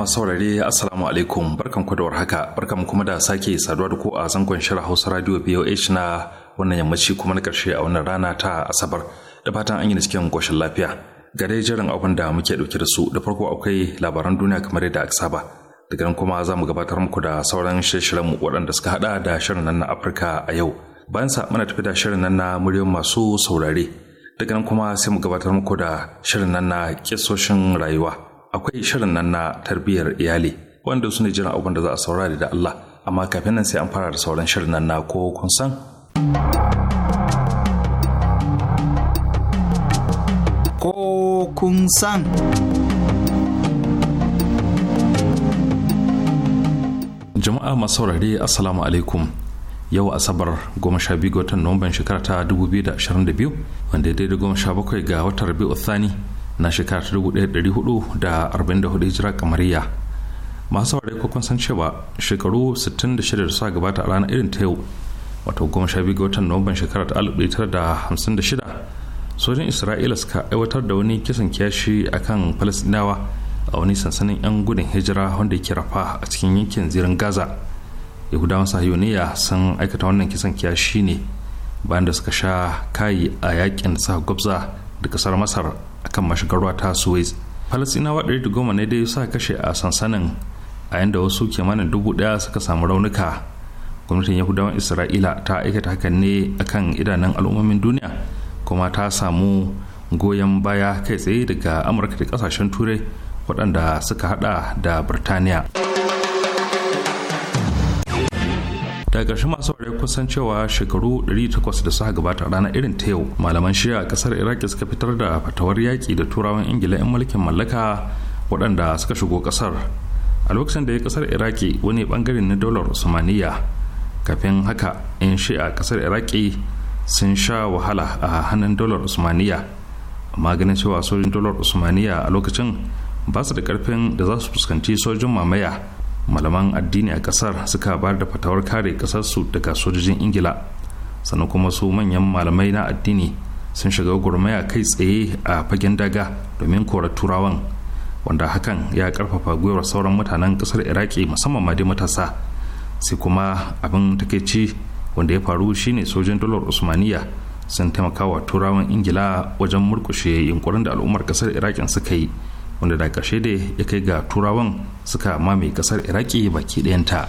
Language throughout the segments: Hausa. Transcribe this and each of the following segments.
masu saurare assalamu alaikum barkan ku da warhaka barkan kuma da sake saduwa da ku a zangon shirin Hausa Radio BOH na wannan yammaci kuma na karshe a wannan rana ta Asabar da fatan an yi cikin koshin lafiya ga dai jiran abin da muke dauke da su da farko akwai labaran duniya kamar yadda aka saba daga nan kuma za mu gabatar muku da sauran shirye-shiryen mu waɗanda suka hada da shirin nan na Afirka a yau bayan sa muna tafi da shirin nan na muryoyin masu saurare daga nan kuma sai mu gabatar muku da shirin nan na kisoshin rayuwa akwai shirin nan na tarbiyyar iyali wanda su ne jiran abin da za a saurari da Allah amma kafin nan sai an fara da sauran shirin nan na ko kun san ko kun san jama'a masu saurare assalamu alaikum yau asabar goma sha biyu ga watan nuwamban shekara ta 2022 wanda ya daidai goma sha bakwai ga watan rabi'u thani na shekara ta 1444 hijira kamariya masu saurare ko kun san cewa shekaru 66 da suka gabata a ranar irin ta yau wato goma sha biyu ga watan nuwamban shekara ta 1956 sojin isra'ila suka aiwatar da wani kisan kiyashi kan falasdinawa a wani sansanin 'yan gudun hijira wanda ya rafa a cikin yankin zirin gaza yahudawan sahiyoniya sun aikata wannan kisan kiyashi ne bayan da suka sha kayi a yakin sa gwabza da kasar masar akan mashigar ruwa ta suez falasinawa 110 ne dai sa kashe a sansanin a yanda wasu kimanin dubu daya suka samu raunuka gwamnatin yahudawan isra'ila ta aikata hakan ne akan idanun al'ummomin duniya kuma ta samu goyon baya kai tsaye daga amurka da kasashen turai waɗanda suka hada da birtaniya. daga ƙarshe masu ware kusan cewa shekaru 800 da suka gabata ranar irin ta yau malaman shiya a ƙasar iraki suka fitar da fatawar yaƙi da turawan ingila 'yan mulkin mallaka waɗanda suka shigo ƙasar a lokacin da ya ƙasar iraki wani ɓangare na dolar usmaniya kafin haka 'yan a ƙasar iraki sun sha wahala a hannun dolar usmaniya amma ganin cewa sojin dolar usmaniya a lokacin ba su da ƙarfin da za su fuskanci sojin mamaya malaman addini a kasar suka bayar da fatawar kare kasarsu daga sojojin ingila sannan kuma su manyan malamai na addini sun shiga gurmaya kai tsaye a fagen daga domin kora turawan wanda hakan ya karfafa gwiwar sauran mutanen kasar iraki musamman ma dai matasa sai kuma abin takaici wanda ya faru shine sojin dolar usmaniya sun taimaka wa turawan ingila wajen murkushe yunkurin da al'ummar kasar irakin suka yi wanda da ƙarshe da ya kai ga turawan suka mame ƙasar iraki baki ɗayanta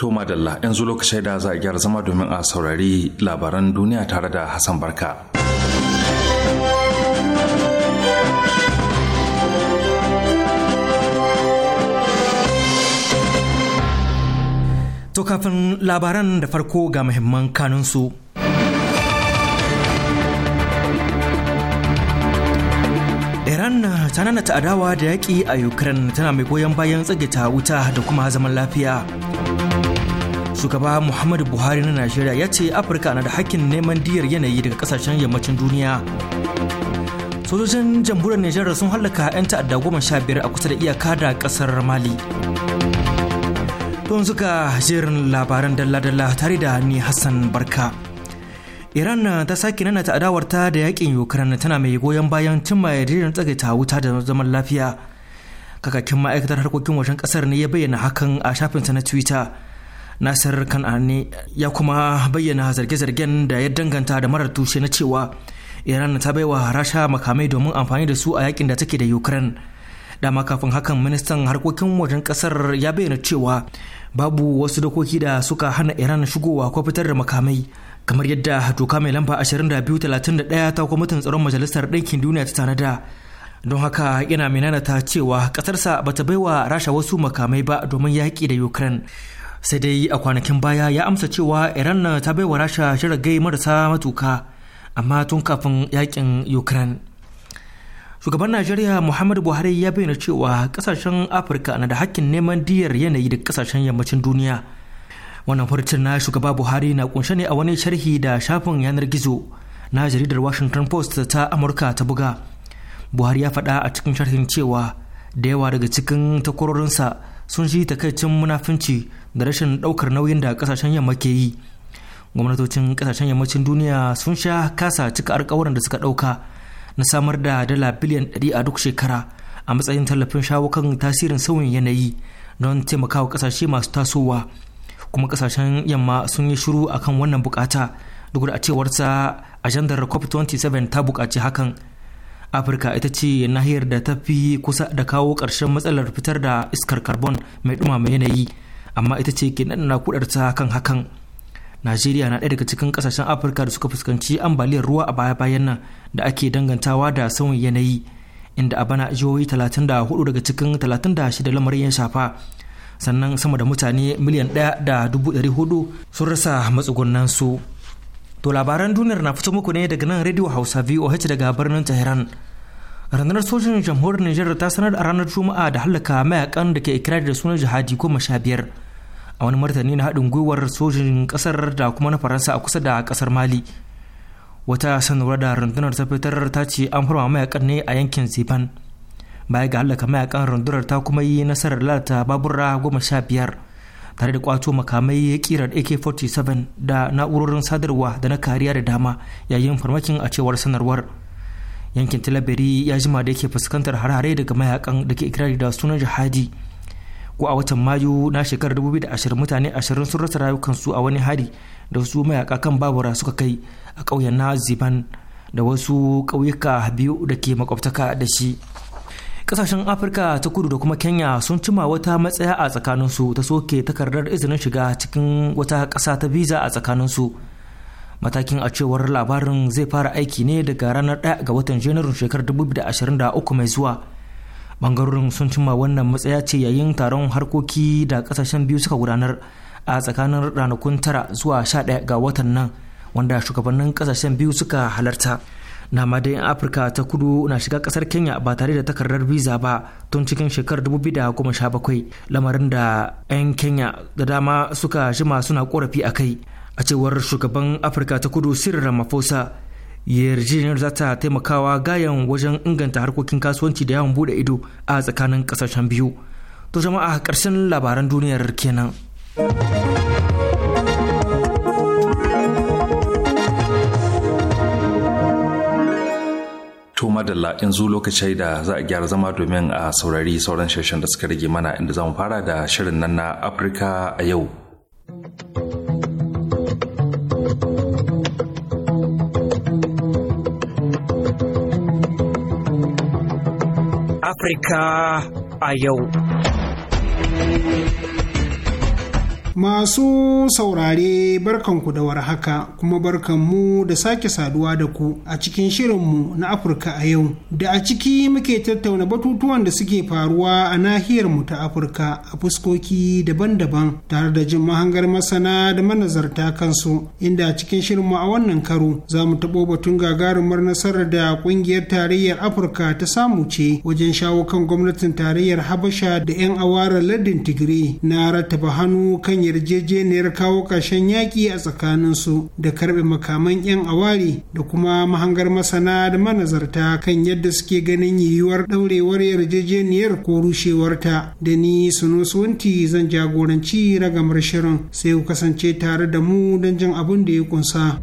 To madalla yanzu lokacin da za a gyara zama domin a saurari labaran duniya tare da Hassan Barka. To kafin labaran da farko ga muhimman kanunsu. Iran ta nanata adawa da yaƙi a Ukraine tana mai goyon bayan tsagita wuta da kuma zaman lafiya. shugaba muhammadu buhari na najeriya ya ce afirka na da hakkin neman diyar yanayi daga kasashen yammacin duniya sojojin jamhuriyar nijar sun hallaka 'yan ta'adda goma sha biyar a kusa da iyaka da kasar mali don suka jerin labaran dalla-dalla tare da ni hassan barka iran ta sake nana ta adawarta da yakin ukraine tana mai goyon bayan cimma yarjejeniyar tsagaita wuta da zaman lafiya kakakin ma'aikatar harkokin wajen kasar ne ya bayyana hakan a shafinsa na twitter nasir kan'ani ya kuma bayyana zarge-zargen da ya danganta da marar tushe na cewa iran ta baiwa rasha makamai domin amfani da su a yakin da take da ukraine dama kafin hakan ministan harkokin wajen kasar ya bayyana cewa babu wasu dokoki da suka hana iran shigowa ko fitar da makamai kamar yadda doka mai lamba 2231 ta kwamitin tsaron majalisar ɗinkin duniya ta tanada don haka yana ta cewa ƙasarsa bata baiwa rasha wasu makamai ba domin yaƙi da ukraine sai dai a kwanakin baya ya amsa cewa iran ta baiwa rasha shirage marasa matuka amma tun kafin yakin ukraine shugaban najeriya muhammadu buhari ya bayyana cewa kasashen afirka na da hakkin neman diyar yanayi da kasashen yammacin duniya wannan furcin na shugaba buhari na kunshe ne a wani sharhi da shafin yanar gizo na jaridar washington post ta amurka ta buga buhari ya faɗa a cikin sharhin cewa da yawa daga cikin takwarorinsa sun shi takaicin munafunci da rashin ɗaukar nauyin da kasashen yamma ke yi gwamnatocin ƙasashen yammacin duniya sun sha kasa cika alkawuran da suka ɗauka na samar da dala biliyan ɗari a duk shekara a matsayin tallafin shawo kan tasirin sauyin yanayi don taimakawa ƙasashe masu tasowa kuma ƙasashen yamma sun yi shiru akan wannan bukata duk da a cewarsa ajandar cop 27 ta bukaci hakan afirka ita ce nahiyar da ta fi kusa da kawo ƙarshen matsalar fitar da iskar carbon mai ɗumama yanayi amma ita ce ke naɗana kudarta kan hakan najeriya na ɗaya daga cikin ƙasashen afirka da suka fuskanci ambaliyar ruwa a baya-bayan nan da ake dangantawa da sauyin yanayi inda a bana jihohi 34 daga cikin 36 lamarin ya shafa sannan sama da mutane miliyan 1.400 sun rasa matsugunan su To labaran duniyar na fito muku ne daga nan Radio Hausa VOH daga birnin Tehran. Rundunar sojin jamhuriyar Nijar ta sanar a ranar Juma'a da hallaka mayakan da ke ikirar da sunan jihadi goma sha biyar. A wani martani na haɗin gwiwar sojin ƙasar da kuma na Faransa a kusa da ƙasar Mali. Wata sanarwar da rundunar ta fitar ta ce an farma mayakan ne a yankin zeban Baya ga hallaka mayakan rundunar ta kuma yi nasarar lalata babura goma sha biyar. tare da kwato makamai ya kirar ak-47 da na'urorin sadarwa da na kariya da dama yayin farmakin a cewar sanarwar yankin tilabiri ya jima da yake fuskantar harare daga mayakan da ke ikirari da sunan jihadi ko a watan mayu na shekarar 2020 mutane 20 sun rasa rayukansu a wani hari da wasu mayaka kan babura suka kai a ƙauyen na ziban da wasu ƙauyuka biyu da ke makwabtaka da shi kasashen afirka ta kudu da kuma kenya sun cima wata matsaya a tsakaninsu ta soke takardar izinin shiga cikin wata kasa ta visa a tsakaninsu matakin a cewar labarin zai fara aiki ne daga ranar 1 ga watan janairun shekarar 2023 mai zuwa bangarorin sun cima wannan matsaya ce yayin taron harkoki da kasashen biyu suka gudanar a tsakanin ranakun tara zuwa 11 ga watan nan wanda shugabannin kasashen biyu suka halarta na madayin afirka ta kudu na shiga kasar kenya ba tare da takardar visa ba tun cikin shekarar 2017 lamarin da 'yan kenya da dama suka jima suna korafi a kai a cewar shugaban afirka ta kudu sirri ramaphosa yarjejeniyar za ta taimakawa gayan wajen inganta harkokin kasuwanci da yawon bude ido a tsakanin kasashen biyu to jama'a karshen labaran duniyar kenan. To madalla zu lokacin da za a gyara zama domin a saurari sauran shirshen da suka rage mana inda za mu fara da shirin nan na Afirka a yau. Afirka a yau. Masu saurare barkanku da warhaka kuma barkanmu da sake saduwa da ku a cikin shirinmu na Afirka a yau da a ciki muke tattauna batutuwan da suke faruwa a nahiyar mu ta Afirka a fuskoki daban-daban tare da jin mahangar masana da manazarta kansu inda a cikin shirinmu a wannan karo za mu taɓo batun gagarumar nasarar da ƙungiyar tarayyar Afirka ta samu ce wajen shawo kan gwamnatin tarayyar Habasha da 'yan awarar lardin Tigray na rattaba hannu kan yarjejeniyar kawo ƙarshen yaƙi a tsakaninsu da karɓe makaman 'yan awari da kuma mahangar masana da manazarta kan yadda suke ganin yiwuwar ɗaurewar yarjejeniyar ko rushewarta da ni suwanti zan jagoranci ragamar shirin sai ku kasance tare da mu don jin abin da ya kunsa.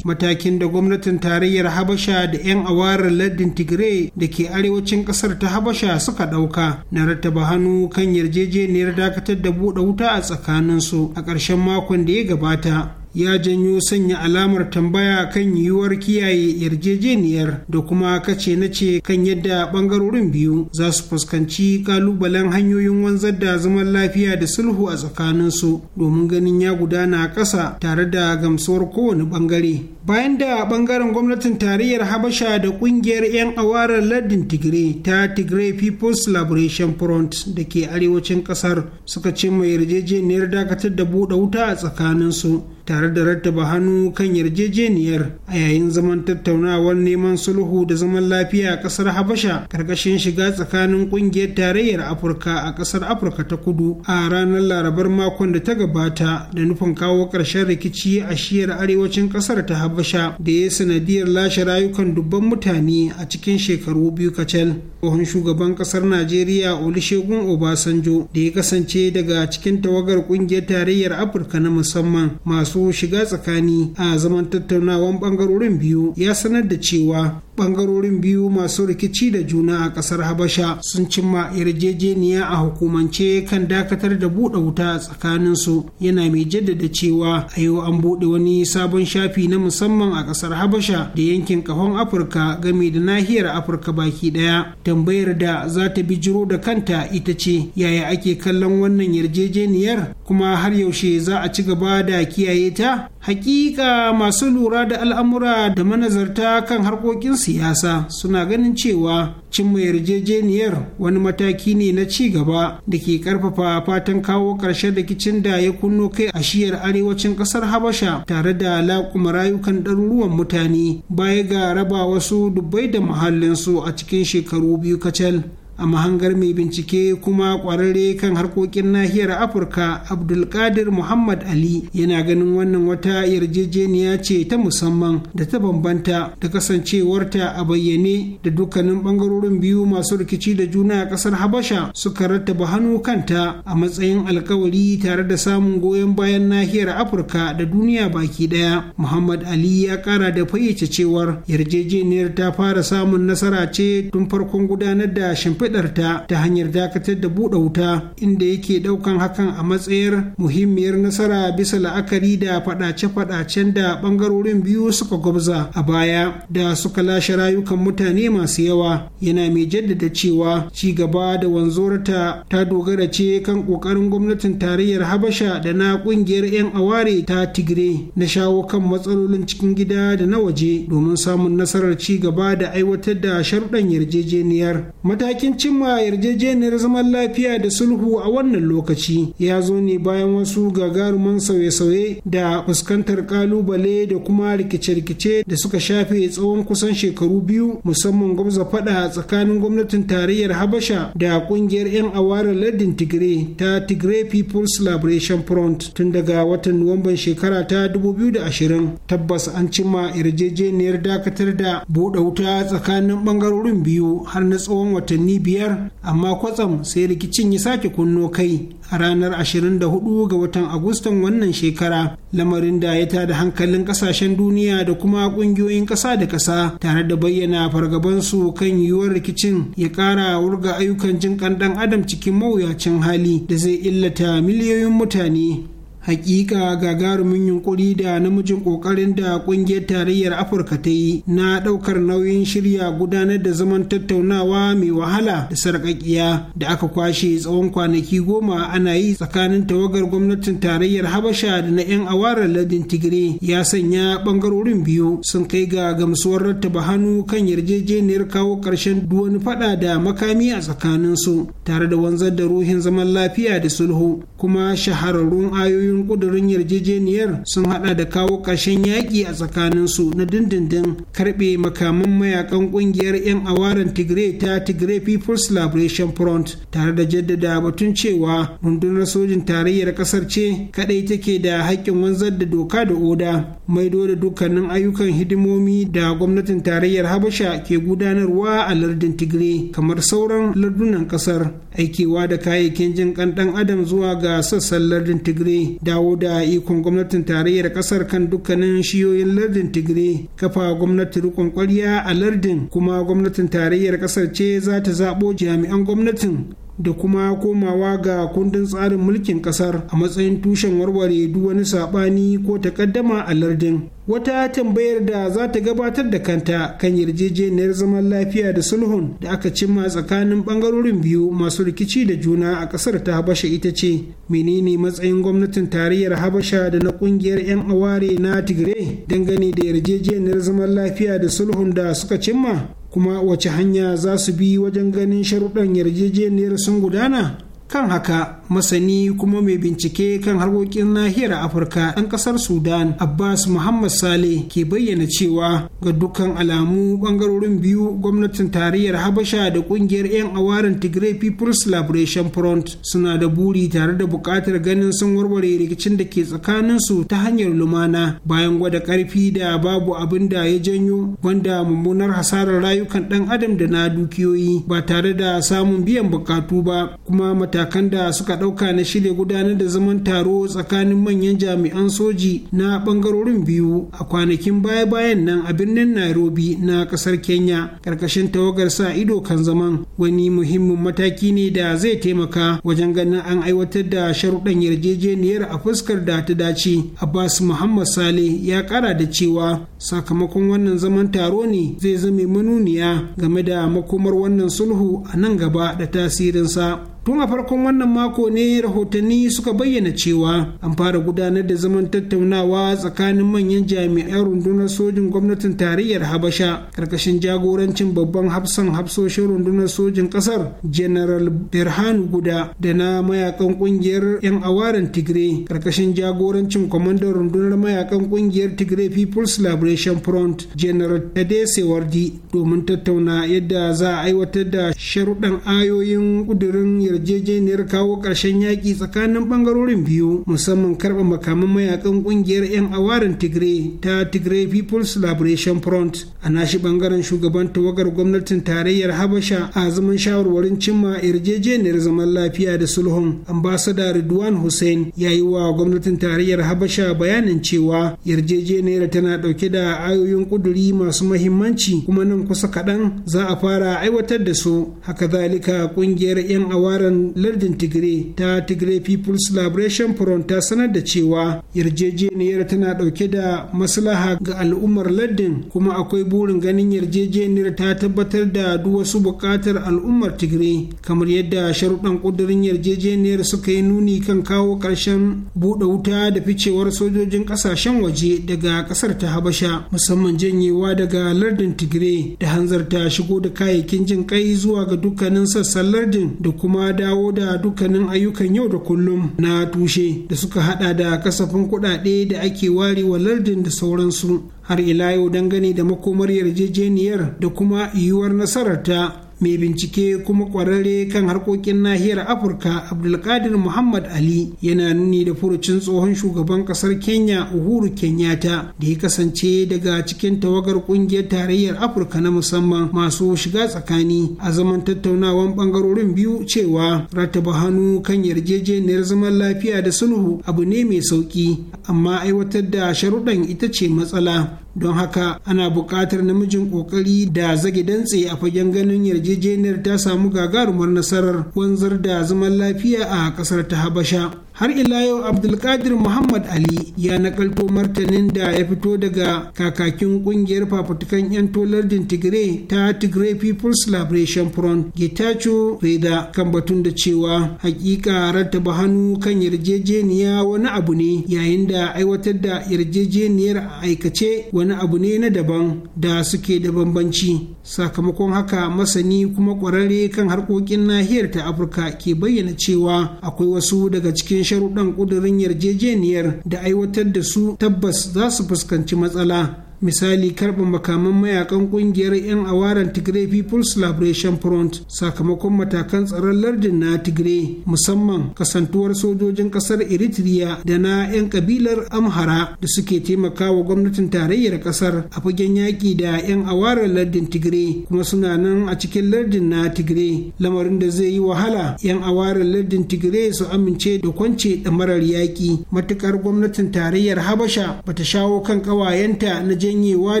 matakin da gwamnatin tarayyar habasha da 'yan awarar lardin tigray da ke arewacin kasar ta habasha suka ɗauka na rattaba hannu kan yarjejeniyar dakatar da buɗe wuta a tsakaninsu a ƙarshen makon da ya gabata ya janyo sanya alamar tambaya kan yiwuwar kiyaye yarjejeniyar da kuma kace na ce kan yadda bangarorin biyu za su fuskanci kalubalen hanyoyin wanzar da zaman lafiya da sulhu a tsakaninsu domin ganin ya gudana ƙasa tare da gamsuwar kowane bangare bayan da bangaren gwamnatin tarayyar habasha da kungiyar 'yan awarar lardin tigray ta tigre people's liberation front da ke arewacin kasar suka ce mai yarjejeniyar dakatar da buɗe wuta a tsakaninsu tare da rattaba hannu kan yarjejeniyar a yayin zaman tattaunawar neman sulhu da zaman lafiya a kasar habasha karkashin shiga tsakanin kungiyar tarayyar afirka a kasar afirka ta kudu a ranar larabar makon da ta gabata da nufin kawo ƙarshen rikici a shiyar arewacin kasar ta habasha habasha da ya sanadiyar lashe rayukan dubban mutane a cikin shekaru biyu kacal tsohon shugaban kasar najeriya olusegun obasanjo da ya kasance daga cikin tawagar kungiyar tarayyar afirka na musamman masu shiga tsakani a zaman tattaunawan bangarorin biyu ya sanar da cewa bangarorin biyu masu rikici da juna a kasar habasha sun cimma yarjejeniya a hukumance kan dakatar da buɗe wuta tsakanin su yana mai jaddada cewa a yau an buɗe wani sabon shafi na musamman a kasar habasha da yankin kahon afirka game da nahiyar afirka baki ɗaya tambayar da za ta jiro da kanta ita ce yaya ake kallon wannan yarjejeniyar kuma har yaushe za a ci gaba da kiyaye ta hakika masu lura da al'amura da manazarta kan harkokin siyasa suna ganin cewa cimma yarjejeniyar wani mataki ne na ci gaba da ke karfafa fatan kawo ƙarshen rikicin da ya kunno kai a shiyar arewacin ƙasar habasha tare da laƙuma rayukan ɗaruruwan mutane baya ga raba wasu dubbai da muhallinsu a cikin shekaru biyu kacal a mahangar mai bincike kuma kwararre kan harkokin nahiyar afirka abdulkadir muhammad ali yana ganin wannan wata yarjejeniya ce ta musamman da ta bambanta da kasancewarta a bayyane da dukkanin bangarorin biyu masu rikici da juna a kasar habasha suka rattaba hannu kanta a matsayin alkawari tare da samun goyon bayan nahiyar afirka da duniya baki daya muhammad ali ya kara da fayyace cewar yarjejeniyar ta fara samun nasara ce tun farkon gudanar da shimfi faɗarta ta hanyar dakatar da buɗe wuta inda yake ɗaukan hakan a matsayar muhimmiyar nasara bisa la'akari da faɗace-faɗacen da ɓangarorin biyu suka gwabza a baya da suka lashe rayukan mutane masu yawa yana mai jaddada cewa ci gaba da wanzuwarta ta dogara ce kan ƙoƙarin gwamnatin tarayyar habasha da na ƙungiyar 'yan aware ta tigre na shawo kan matsalolin cikin gida da na waje domin samun nasarar ci gaba da aiwatar da sharuɗan yarjejeniyar matakin an cimma yarjejeniyar zaman lafiya da sulhu a wannan lokaci ya zo ne bayan wasu gagaruman sauye-sauye da fuskantar kalubale da kuma rikice-rikice da suka shafe tsawon kusan shekaru biyu musamman gwamza fada tsakanin gwamnatin tarayyar habasha da kungiyar 'yan awara lardin tigray ta tigre people's liberation front tun daga watan nuwamban shekara ta 2020 tabbas an cimma yarjejeniyar dakatar da buɗe wuta tsakanin ɓangarorin biyu har na tsawon watanni biyar amma kwatsam sai rikicin ya sake kunno kai a ranar 24 ga watan agustan wannan shekara lamarin da ya tada hankalin kasashen duniya da kuma kungiyoyin kasa da kasa tare da bayyana fargabansu kan yiwuwar rikicin ya kara wurga ayyukan kan dan adam cikin mawuyacin hali da zai illata miliyoyin mutane hakika gagarumin yunkuri da namijin kokarin da kungiyar tarayyar afirka ta yi na daukar nauyin shirya gudanar da zaman tattaunawa mai wahala da sarƙaƙiya da aka kwashe tsawon kwanaki goma ana yi tsakanin tawagar gwamnatin tarayyar habasha da na 'yan awara ladin tigre ya sanya bangarorin biyu sun kai ga gamsuwar rattaba hannu kan yarjejeniyar kawo ƙarshen duwani fada da makami a tsakanin su tare da wanzar da ruhin zaman lafiya da sulhu kuma shahararrun ayoyin ƙudurorin ƙudurin yarjejeniyar sun hada da kawo ƙarshen yaƙi a tsakaninsu na dindindin karɓe makaman mayakan ƙungiyar 'yan awaren tigray ta tigray people's liberation front tare da jaddada batun cewa rundunar sojin tarayyar ƙasar ce kaɗai take da haƙƙin wanzar da doka da oda maido da dukkanin ayyukan hidimomi da gwamnatin tarayyar habasha ke gudanarwa a lardin tigray kamar sauran lardunan ƙasar aikewa da kayayyakin jin ƙanɗan ɗan adam zuwa ga sassan lardin tigray dawo da ikon gwamnatin tarayyar kasar kan dukkanin shiyoyin lardin tigray kafa gwamnati rikon kwarya a lardin kuma gwamnatin tarayyar kasar ce za ta zaɓo jami'an gwamnatin da kuma komawa ga kundin tsarin mulkin kasar a matsayin tushen warware duk wani saɓani ko takaddama a lardin wata tambayar da za ta gabatar da kanta kan yarjejeniyar zaman lafiya da sulhun da aka cimma tsakanin bangarorin biyu masu rikici da juna a kasar ta habasha ita ce menene matsayin gwamnatin tarayyar habasha da na kungiyar 'yan aware na tigray dangane da yarjejeniyar zaman lafiya da sulhun da suka cimma kuma wace hanya za su bi wajen ganin sharuɗan yarjejeniyar sun gudana kan haka masani kuma mai bincike kan harkokin nahiyar afirka ɗan ƙasar sudan abbas muhammad saleh ke bayyana cewa ga dukkan alamu ɓangarorin biyu gwamnatin tarayyar habasha da ƙungiyar 'yan awarin tigray people's liberation front suna da buri tare da buƙatar ganin sun warware rikicin da ke tsakaninsu ta hanyar lumana bayan gwada ƙarfi da babu abin da ya janyo wanda mummunar hasarar rayukan ɗan adam da na dukiyoyi ba tare da samun biyan buƙatu ba kuma matakan da suka ɗauka na shirya gudanar da zaman taro tsakanin manyan jami'an soji na ɓangarorin biyu a kwanakin baya-bayan nan a birnin Nairobi na ƙasar Kenya ƙarƙashin tawagar sa ido kan zaman wani muhimmin mataki ne da zai taimaka wajen ganin an aiwatar da sharuɗan yarjejeniyar a fuskar da ta dace. Abbas Muhammad Saleh ya ƙara da cewa sakamakon wannan zaman taro ne zai zame manuniya game da makomar wannan sulhu a nan gaba da tasirinsa. tun a farkon wannan mako ne rahotanni suka bayyana cewa an fara gudanar da zaman tattaunawa tsakanin manyan jami'an rundunar sojin gwamnatin tarayyar habasha karkashin jagorancin babban hafsan hafsoshin rundunar sojin kasar general birhan guda da na mayakan kungiyar yan awaren tigray karkashin jagorancin kwamandan rundunar mayakan kungiyar tigray people's liberation front general tadese wardi domin tattauna yadda za a aiwatar da sharuɗan ayoyin ƙudurin yarjejeniyar kawo ƙarshen yaƙi tsakanin ɓangarorin biyu musamman karɓa makaman mayakan ƙungiyar 'yan awarin tigre ta tigre people's liberation front a nashi ɓangaren shugaban tawagar gwamnatin tarayyar habasha a zaman shawarwarin cimma yarjejeniyar zaman lafiya da sulhun ambasada ridwan hussein ya yi wa gwamnatin tarayyar habasha bayanin cewa yarjejeniyar tana ɗauke da ayoyin ƙuduri masu mahimmanci kuma nan kusa kaɗan za a fara aiwatar da su haka zalika ƙungiyar 'yan awarin bangaren lardin tigray ta tigray people's liberation front ta sanar da cewa yarjejeniyar tana dauke da maslaha ga al'ummar lardin kuma akwai burin ganin yarjejeniyar ta tabbatar da duk wasu bukatar al'ummar tigray kamar yadda sharuɗan ƙudurin yarjejeniyar suka yi nuni kan kawo ƙarshen buɗe wuta da ficewar sojojin ƙasashen waje daga ƙasar ta habasha musamman janyewa daga lardin tigray da hanzarta shigo da kayayyakin jin kai zuwa ga dukkanin sassan lardin da kuma dawo da dukkanin ayyukan yau da kullum na tushe da suka hada da kasafin kuɗaɗe da ake warewa wa lardin da sauransu har ila yau dangane da makomar yarjejeniyar da kuma yiwuwar nasararta mai bincike kuma kwararre kan harkokin nahiyar afirka abdulkadir muhammad ali yana nuni da furucin tsohon shugaban kasar kenya uhuru kenyatta da ya kasance daga cikin tawagar kungiyar tarayyar afirka na musamman masu shiga tsakani a zaman tattaunawan bangarorin biyu cewa rattaba hannu kan yarjejeniyar zaman lafiya da sulhu abu ne mai sauki amma aiwatar da sharuɗan ita ce matsala don haka ana buƙatar namijin ƙoƙari da zage dantse a fagen ganin yarjejeniyar ta samu gagarumar nasarar wanzar da zaman lafiya a ƙasar ta habasha har ila yau abdulkadir muhammad ali ya nakalto martanin da ya fito daga kakakin kungiyar fafutukan 'yan tolardin tigre ta tigray people's liberation front getacho reda kan batun da cewa hakika rattaba hannu kan yarjejeniya wani abu ne yayin da aiwatar da yarjejeniyar aikace wani abu ne na daban da suke da bambanci sakamakon haka masani kuma kwararre kan harkokin nahiyar ta afirka ke bayyana cewa akwai wasu daga cikin sharuɗan ƙudurin yarjejeniyar da aiwatar da su tabbas za su fuskanci matsala misali karba makaman mayakan ƙungiyar 'yan awaran tigray people's liberation front sakamakon matakan tsaron lardin na tigray musamman kasantuwar sojojin ƙasar eritrea da na 'yan kabilar amhara da suke taimakawa gwamnatin tarayyar ƙasar a fagen yaƙi da 'yan awaran lardin tigray kuma suna nan a cikin lardin na tigray lamarin da zai yi wahala 'yan awaran lardin tigray su amince da kwance ɗamarar yaƙi matuƙar gwamnatin tarayyar habasha bata shawo kan ƙawayenta na jan janyewa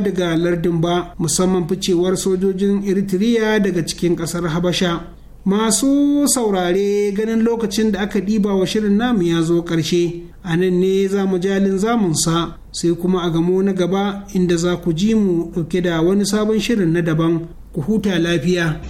daga lardin ba musamman ficewar sojojin eritrea daga cikin kasar habasha masu saurare ganin lokacin da aka ɗiba wa shirin namu ya zo ƙarshe a nan ne za mu jalin zamunsa sai kuma a gamo na gaba inda za ku ji mu ɗauke da wani sabon shirin na daban ku huta lafiya.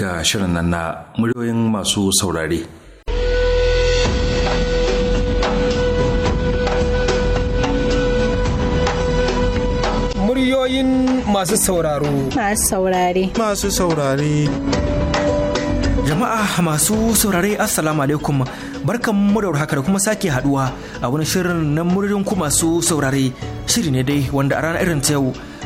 ga shirin nan na muryoyin masu saurare. Muryoyin masu sauraro. Masu saurare. Masu saurare. Jama'a masu saurare Assalamu alaikum barkan mu da haka da kuma sake haduwa a wani shirin na muryoyin ku masu saurare shiri ne dai wanda a ranar irin ta yau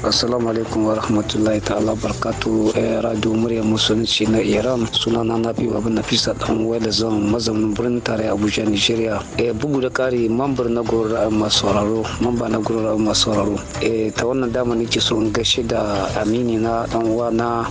assalamu alaikum wa rahmatullahi ta'ala barkatu eh, radio murya musulunci na iran suna na nafi abin nafisa dan wale zan mazaunin birnin tare abuja nigeria eh, bugu da kari mambar na gurin ra'ayin masu sauraro mamba na gurin ra'ayin masu sauraro eh, ta wannan dama nake so in gaishe da amini na dan uwa na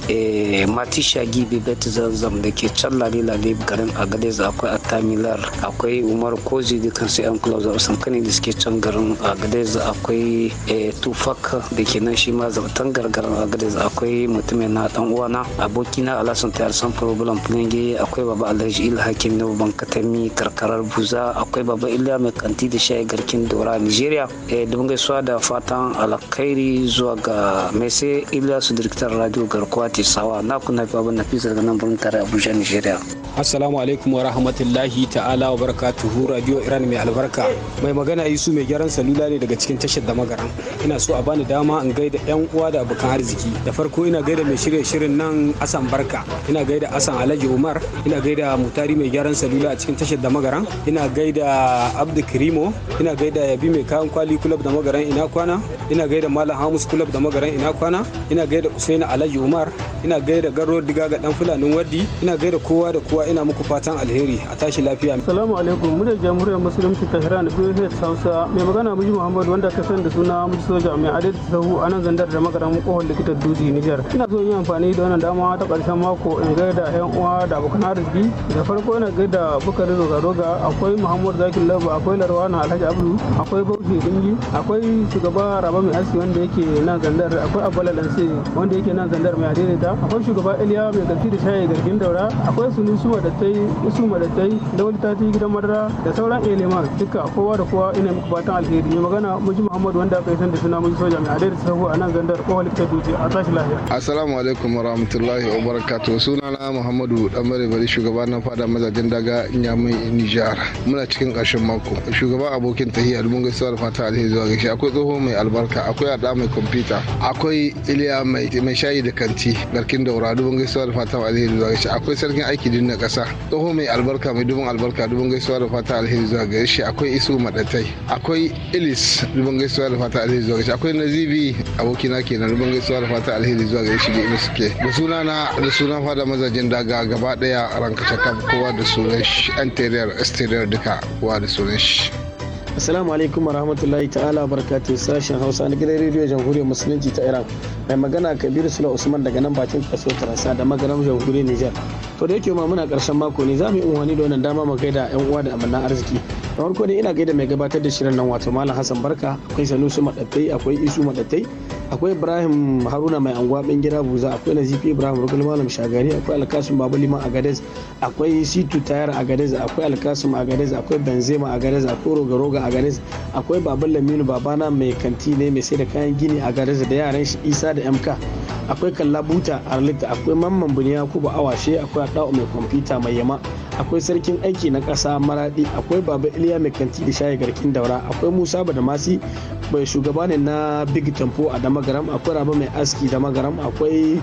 mati shagi bibet zanzam da ke can lale lale garin za akwai atamilar akwai umar kozi dukan sai an kula da kane da suke can garin za akwai tufak da ke nan shi ma zautan gargar agadez akwai mutumin na dan uwana abokina alasan tayar san problem fulange akwai baba alhaji il hakim na ban katami karkarar buza akwai baba illa mai kanti da shayi garkin dora nigeria eh, dubin gaisuwa da fatan alkhairi zuwa ga mese illa su direktar radio garkuwa sawa na kuna fi abin da nan birnin tare abuja nigeria assalamu alaikum wa rahmatullahi ta'ala wa tuhu radio iran mai albarka mai magana isu mai gyaran salula ne daga cikin tashar da magaran ina so a bani dama in gai gaida yan uwa da abokan arziki da farko ina gaida mai shirya shirin nan asan barka ina gaida asan alhaji umar ina gaida mutari mai gyaran salula a cikin tashar da magaran ina gaida abdu kirimo ina gaida yabi mai kayan kwali kulab da magaran ina kwana ina gaida malam hamus kulab da magaran ina kwana ina gaida usaini alhaji umar ina gaida garo diga ga dan fulanin waddi ina gaida kowa da kowa ina muku fatan alheri a tashi lafiya assalamu alaikum mu da jamhuriyar musulunci tehran biyu hausa mai magana muji muhammad wanda ka san da suna mu soja mai adalci sahu anan birnin zandar da magaran kohon likitar dutse nijar ina so yin amfani da wannan dama ta karshen mako in gaida yan uwa da abokan arziki da farko ina gaida bukari roga akwai muhammad zakin laba akwai na alhaji abdu akwai bauchi dingi akwai shugaba raba mai aski wanda yake nan zandar akwai abala lansi wanda yake nan zandar mai adaidaita akwai shugaba iliya mai garki da shaye garkin daura akwai sunu su madattai isu madattai da wani tati gidan madara da sauran eleman duka kowa da kowa ina muku fatan alheri mai magana muji muhammad wanda aka yi san da suna muji soja mai adaidaita sahuwa a nan zandar kowal ta dutse a tashi lafiya assalamu alaikum warahmatullahi wabarakatuh sunana muhammadu damare bari shugaba na fada mazajen daga nyamai nijar muna cikin karshen mako shugaba abokin tahiyar mun gaisuwa da fata alheri zuwa gaishe akwai tsoho mai albarka akwai ada mai kwamfuta akwai iliya mai mai shayi da kanti garkin daura dubin gaisuwa da fata alheri zuwa gaishe akwai sarkin aiki din na kasa tsoho mai albarka mai dubun albarka dubun gaisuwa da fata alheri zuwa gaishe akwai isu madatai akwai ilis dubun gaisuwa da fata alheri zuwa gaishe akwai nazibi abokina kenan ruban gaisuwa da fata alheri zuwa ga shi inda suke da suna na da suna fada mazajen daga gaba daya rankace kam kowa da sunan shi anterior exterior duka kowa da sunan shi Assalamu alaikum wa rahmatullahi ta'ala barakatuh sashen Hausa na gidan rediyo Jamhuriyar Musulunci ta Iran. Mai magana Kabir Sula Usman daga nan bakin kaso Tarasa da magaram Jamhuriyar Nijar. To da yake ma muna karshen mako ne za mu yi unwani da wannan dama mu gaida yan uwa da amana arziki. da farko dai ina gaida mai gabatar da shirin nan wato malam hassan barka akwai sanusi madattai akwai isu madattai akwai ibrahim haruna mai anguwa bingira buza akwai nazifi ibrahim rukul malam shagari akwai alkasun babulima a gades akwai situ tayar a akwai alkasun a akwai benzema a akwai rogaroga a akwai babu laminu babana mai kanti ne mai sai da kayan gini a da yaran shi isa da mk akwai kalla buta halitta akwai mamman buniya kuba awashe akwai adau mai kwamfuta mai yama akwai sarkin aiki na ƙasa maradi akwai baba iliya mai kanti da shayi garkin daura akwai musa badamasi bai shugaba ne na big tempo a damagaram akwai raba mai aski damagaram akwai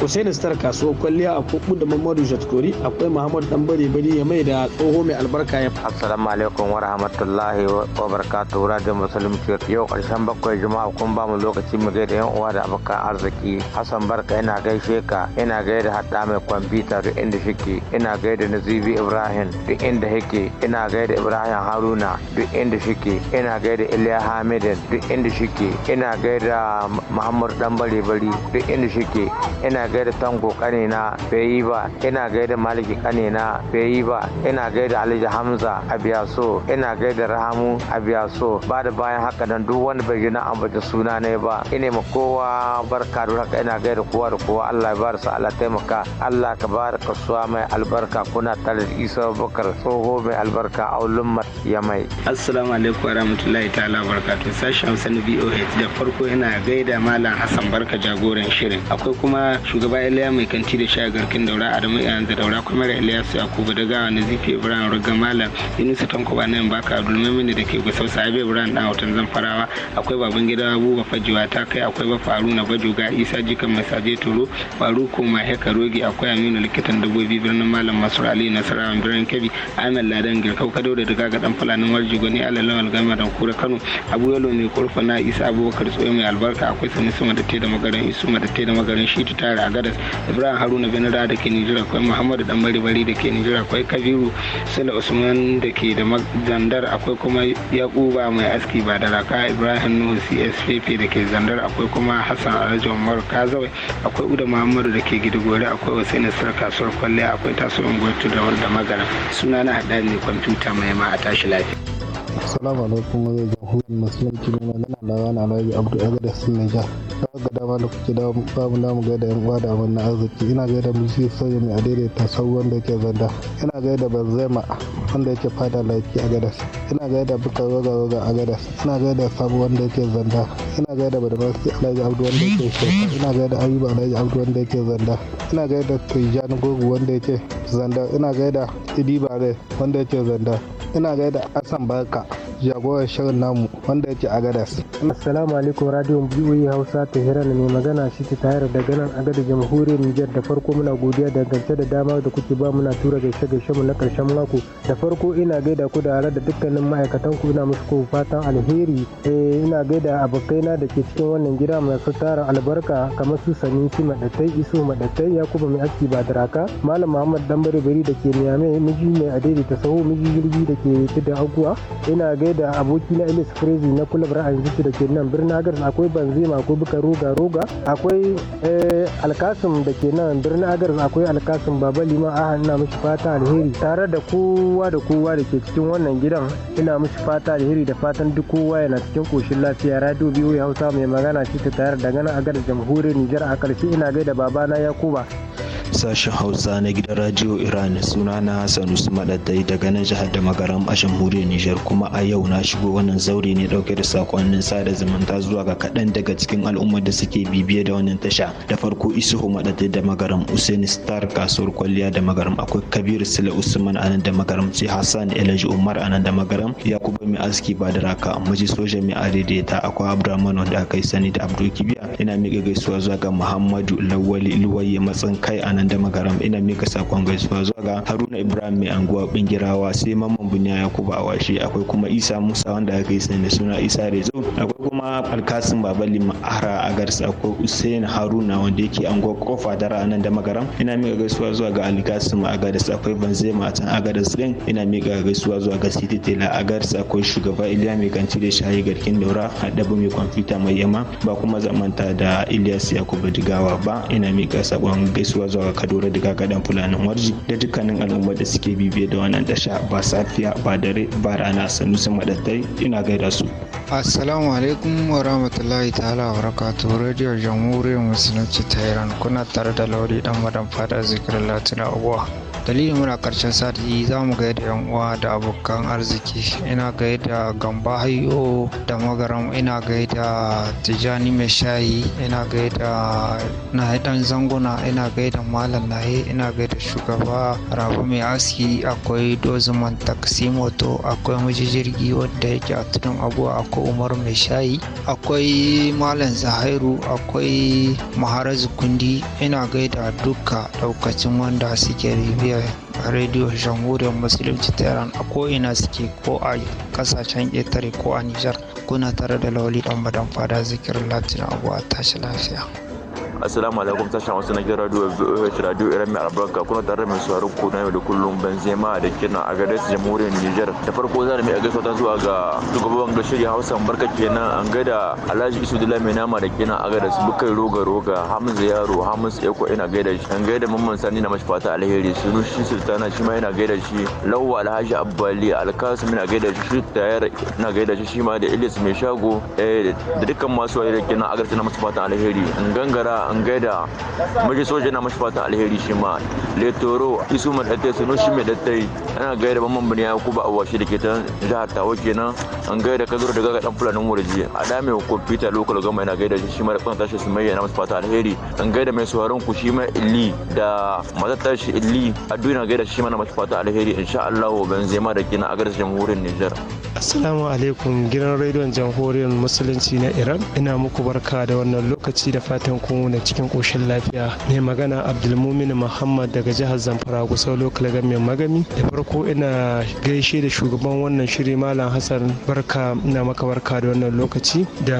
Hussein Star Kaso kwalliya a kuɓu da Mamadu Jatkori akwai Muhammad Dambare Bari ya mai da tsoho mai albarka ya Assalamu alaikum wa rahmatullahi wa barakatuh Radio Muslim yau karshen bakwai juma'a kun ba mu lokaci mu gaida yan uwa da abokan arziki Hassan Barka ina gaishe ka ina gaida hadda mai kwamfuta duk inda shike ina gaida Nazibi Ibrahim duk inda yake ina gaida Ibrahim Haruna duk inda shike ina gaida Iliya Hamidin duk inda shike ina gaida Muhammad Dambare Bari duk inda shike ina ina gaida tango kane na bai ba ina gaida maliki kane na bai yi ba ina gaida alhaji hamza a biya so ina gaida rahamu a biya ba da bayan haka nan duk wanda bai gina ambaci suna ne ba ina ma kowa barka da haka ina gaida kowa da kowa Allah ya barsa Allah taimaka Allah ka baraka kasuwa mai albarka kuna tare da Isa Bakar tsoho mai albarka a ulumma ya mai assalamu alaikum warahmatullahi ta'ala barakatuh sashen Hausa na da farko ina gaida malam Hassan Barka jagoran shirin akwai kuma shugaba iliya mai kanti da shagarkin daura adamu iran da daura kwamar ilyas yakubu da gawa na zifi ibrahim rugamala malam yunusa tanko ba nan baka abdulmamin da ke gusau sahabi ibrahim dan hoton zamfarawa akwai baban gida abubuwa fajiwa ta kai akwai ba faru na bajoga isa jikan mai saje turo faru ko ma heka rogi akwai aminu likitan dabbobi birnin malam masur ali nasara birnin kebbi ahmed ladan girkau kado da daga ga dan fulanin warji gwani alalawan gama da kura kano abu yalo ne kurfa na isa abubakar tsoye mai albarka akwai sanisu madatte da isu madatte da magaran shi tare da agadas ibrahim haruna benira da ke nijar akwai muhammadu dan bari da ke nijar akwai kabiru sule usman da ke da zandar akwai kuma yakuba mai aski ba da raka ibrahim nuhu cspp da ke zandar akwai kuma hassan alhaji umar kazawai akwai uda muhammadu da ke gidigori akwai wasu sar kasuwar kwalliya akwai taso unguwar tudawar da magana suna na haɗari ne kwamfuta mai ma a tashi lafiya Assalamu alaikum wa jamhuriyar musulunci ne na nan da alhaji Abdu Agada sun Nijar. Ta ga dama da kuke da babu namu gaida yan uwa da abin na arziki. Ina gaida Musi Soja mai ta sau wanda yake zanda. Ina gaida Banzema wanda yake fada laifi a gadas. Ina gaida Bukar Roga Roga a gadas. Ina gaida Sabu wanda yake zanda. Ina gaida Badamasi Alhaji Abdu wanda yake shekara. Ina gaida Ayuba Alhaji Abdu wanda yake zanda. Ina gaida Tijjani Gogu wanda yake zanda. Ina gaida Idi Bare wanda yake zanda. ina gaida asan barka jagorar shirin namu wanda yake a gadas. Assalamu alaikum radio BOE Hausa ta Hiran mai magana shi ta tayar da ganin a gada jamhuriyar Nijar da farko muna godiya da gance da dama da kuke ba muna tura gaishe gaishe mu na karshen mako da farko ina gaida ku da da dukkanin ma'aikatan ku ina musu ko fatan alheri eh, ina gaida abokaina da ke cikin wannan gida masu tara albarka kamar su shi Madatai Isu Madatai kuma Mai Aski ba daraka Malam Muhammad Dambare Bari da ke Niyame miji mai adaidaita sahu miji jirgi da ke tudun aguwa ina gaida da aboki na Ilis Crazy na kulab ra'ayin zuci da ke nan birnin agars akwai Banzema akwai Buka Roga Roga akwai eh, Alkasim da ke nan birnin agars akwai Alkasim Baba Liman Aha ina mishi fata alheri tare da kowa da kowa da ke cikin wannan gidan ina mishi fata alheri da fatan duk kowa yana cikin koshin lafiya radio biyu Hausa mai magana shi ta tare da ganin jamhuriyar Nijar a ƙarshe ina gaida babana Yakuba sashen hausa na gidan radio iran suna na hassan usman daga nan jihar da magaram a jamhuriyar nijar kuma a yau na shigo wannan zaure ne dauke da sakonnin sada zumunta zuwa ga kaɗan daga cikin al'ummar da suke bibiye da wannan tasha da farko isuhu madadai da magaram usain star kasuwar kwalliya da magaram akwai kabir sila usman anan da magaram sai hassan elaji umar anan da magaram yakubu mai aski ba da raka maji soja mai adaidaita akwai abdurrahman wanda aka yi sani da abdul kibiya ina miƙa gaisuwa zuwa ga muhammadu lawali luwaye matsin kai anan nan da magaram ina mika sakon gaisuwa zuwa ga haruna ibrahim mai anguwa bingirawa sai mamman bunya yakubu awashi akwai kuma isa musa wanda aka yi sani suna isa rezo akwai kuma alkasim babali ma'ara a garsa akwai usain haruna wanda yake anguwa kofa dara nan da magaram ina mika gaisuwa zuwa ga alkasim a garsa akwai banze matan a garsa din ina mika gaisuwa zuwa ga siti tela a garsa akwai shugaba iliya mai kanci da shayi garkin daura haɗabu mai kwamfuta mai yama ba kuma zamanta da ilyas yakubu digawa ba ina mika sakon gaisuwa zuwa Kaduna diga gadan fulanin warji da dukkanin al'ummar da suke bibiye da wannan tasha ba safiya ba dare ba rana sun madattai ina gaida su assalamu alaikum wa rahmatullahi ta'ala wa barakatuh radio jamhuriyar musulunci ta iran kuna tare da lauri dan madan fada zikirin latina abuwa dalilin muna karshen sati za mu gaida yan uwa da abokan arziki ina gaida gamba hayo da magaram ina gaida tijani mai shayi ina gaida na dan zanguna ina gaida malam lahi ina gaida shugaba rabu mai aski akwai dozuman taksi moto akwai miji jirgi wadda yake a tudun abuwa akwai umar mai shayi akwai malam zahairu akwai maharazu kundi ina gaida duka daukacin wanda suke bibiya. iya rediyo jamhuriyar musulunci ta iran a ko'ina suke ko a kasashen ƙetare ko a nijar kuna tare da lauli dan madan fada zikirin latin abuwa tashi lafiya assalamu alaikum sashen wasu na gidan radio VOH radio Iran mai albarka kuna tare mai sauraro ko na yau da kullum Benzema da kina a gares jamhuriyar Niger da farko zan mai gaisuwa ta zuwa ga shugaban ga Hausa barka kenan an gaida Alhaji Isu Dila mai nama da kina a gares bukai roga roga Hamza Yaro Hamis Eko ina gaida shi an gaida Mamman Sani na mashi fata alheri sunu shi sultana shi ma ina gaida shi Lawwa Alhaji Abbali Alkasim ina gaida shi tayar ina gaida shi shi ma da Ilis mai shago eh, da dukkan masu wayar kina a gares na mashi fata alheri in gangara an gaida muji soja na mashi fata alheri shi ma letoro isu mai ɗattai sanu shi mai da tsaye ana gaida ban mambani ya kuba a washe da ke ta jihar tawo kenan an gaida kaduru daga ga dan fulanin warji a da mai kwamfuta lokal gama yana gaida shi ma da kwan tashi su mai yana mashi fata alheri an gaida mai sauraron ku shi ma illi da matar tashi illi a duniya gaida shi ma na mashi fata alheri insha allahu benzema da kina a garsa jamhuriyar nijar. assalamu alaikum gidan rediyon jamhuriyar musulunci na iran ina muku barka da wannan lokaci da fatan kun mana cikin koshin lafiya ne magana abdulmumin muhammad daga jihar zamfara kusa lokal mai magami da farko ina gaishe da shugaban wannan shiri malam hassan barka na maka barka da wannan lokaci da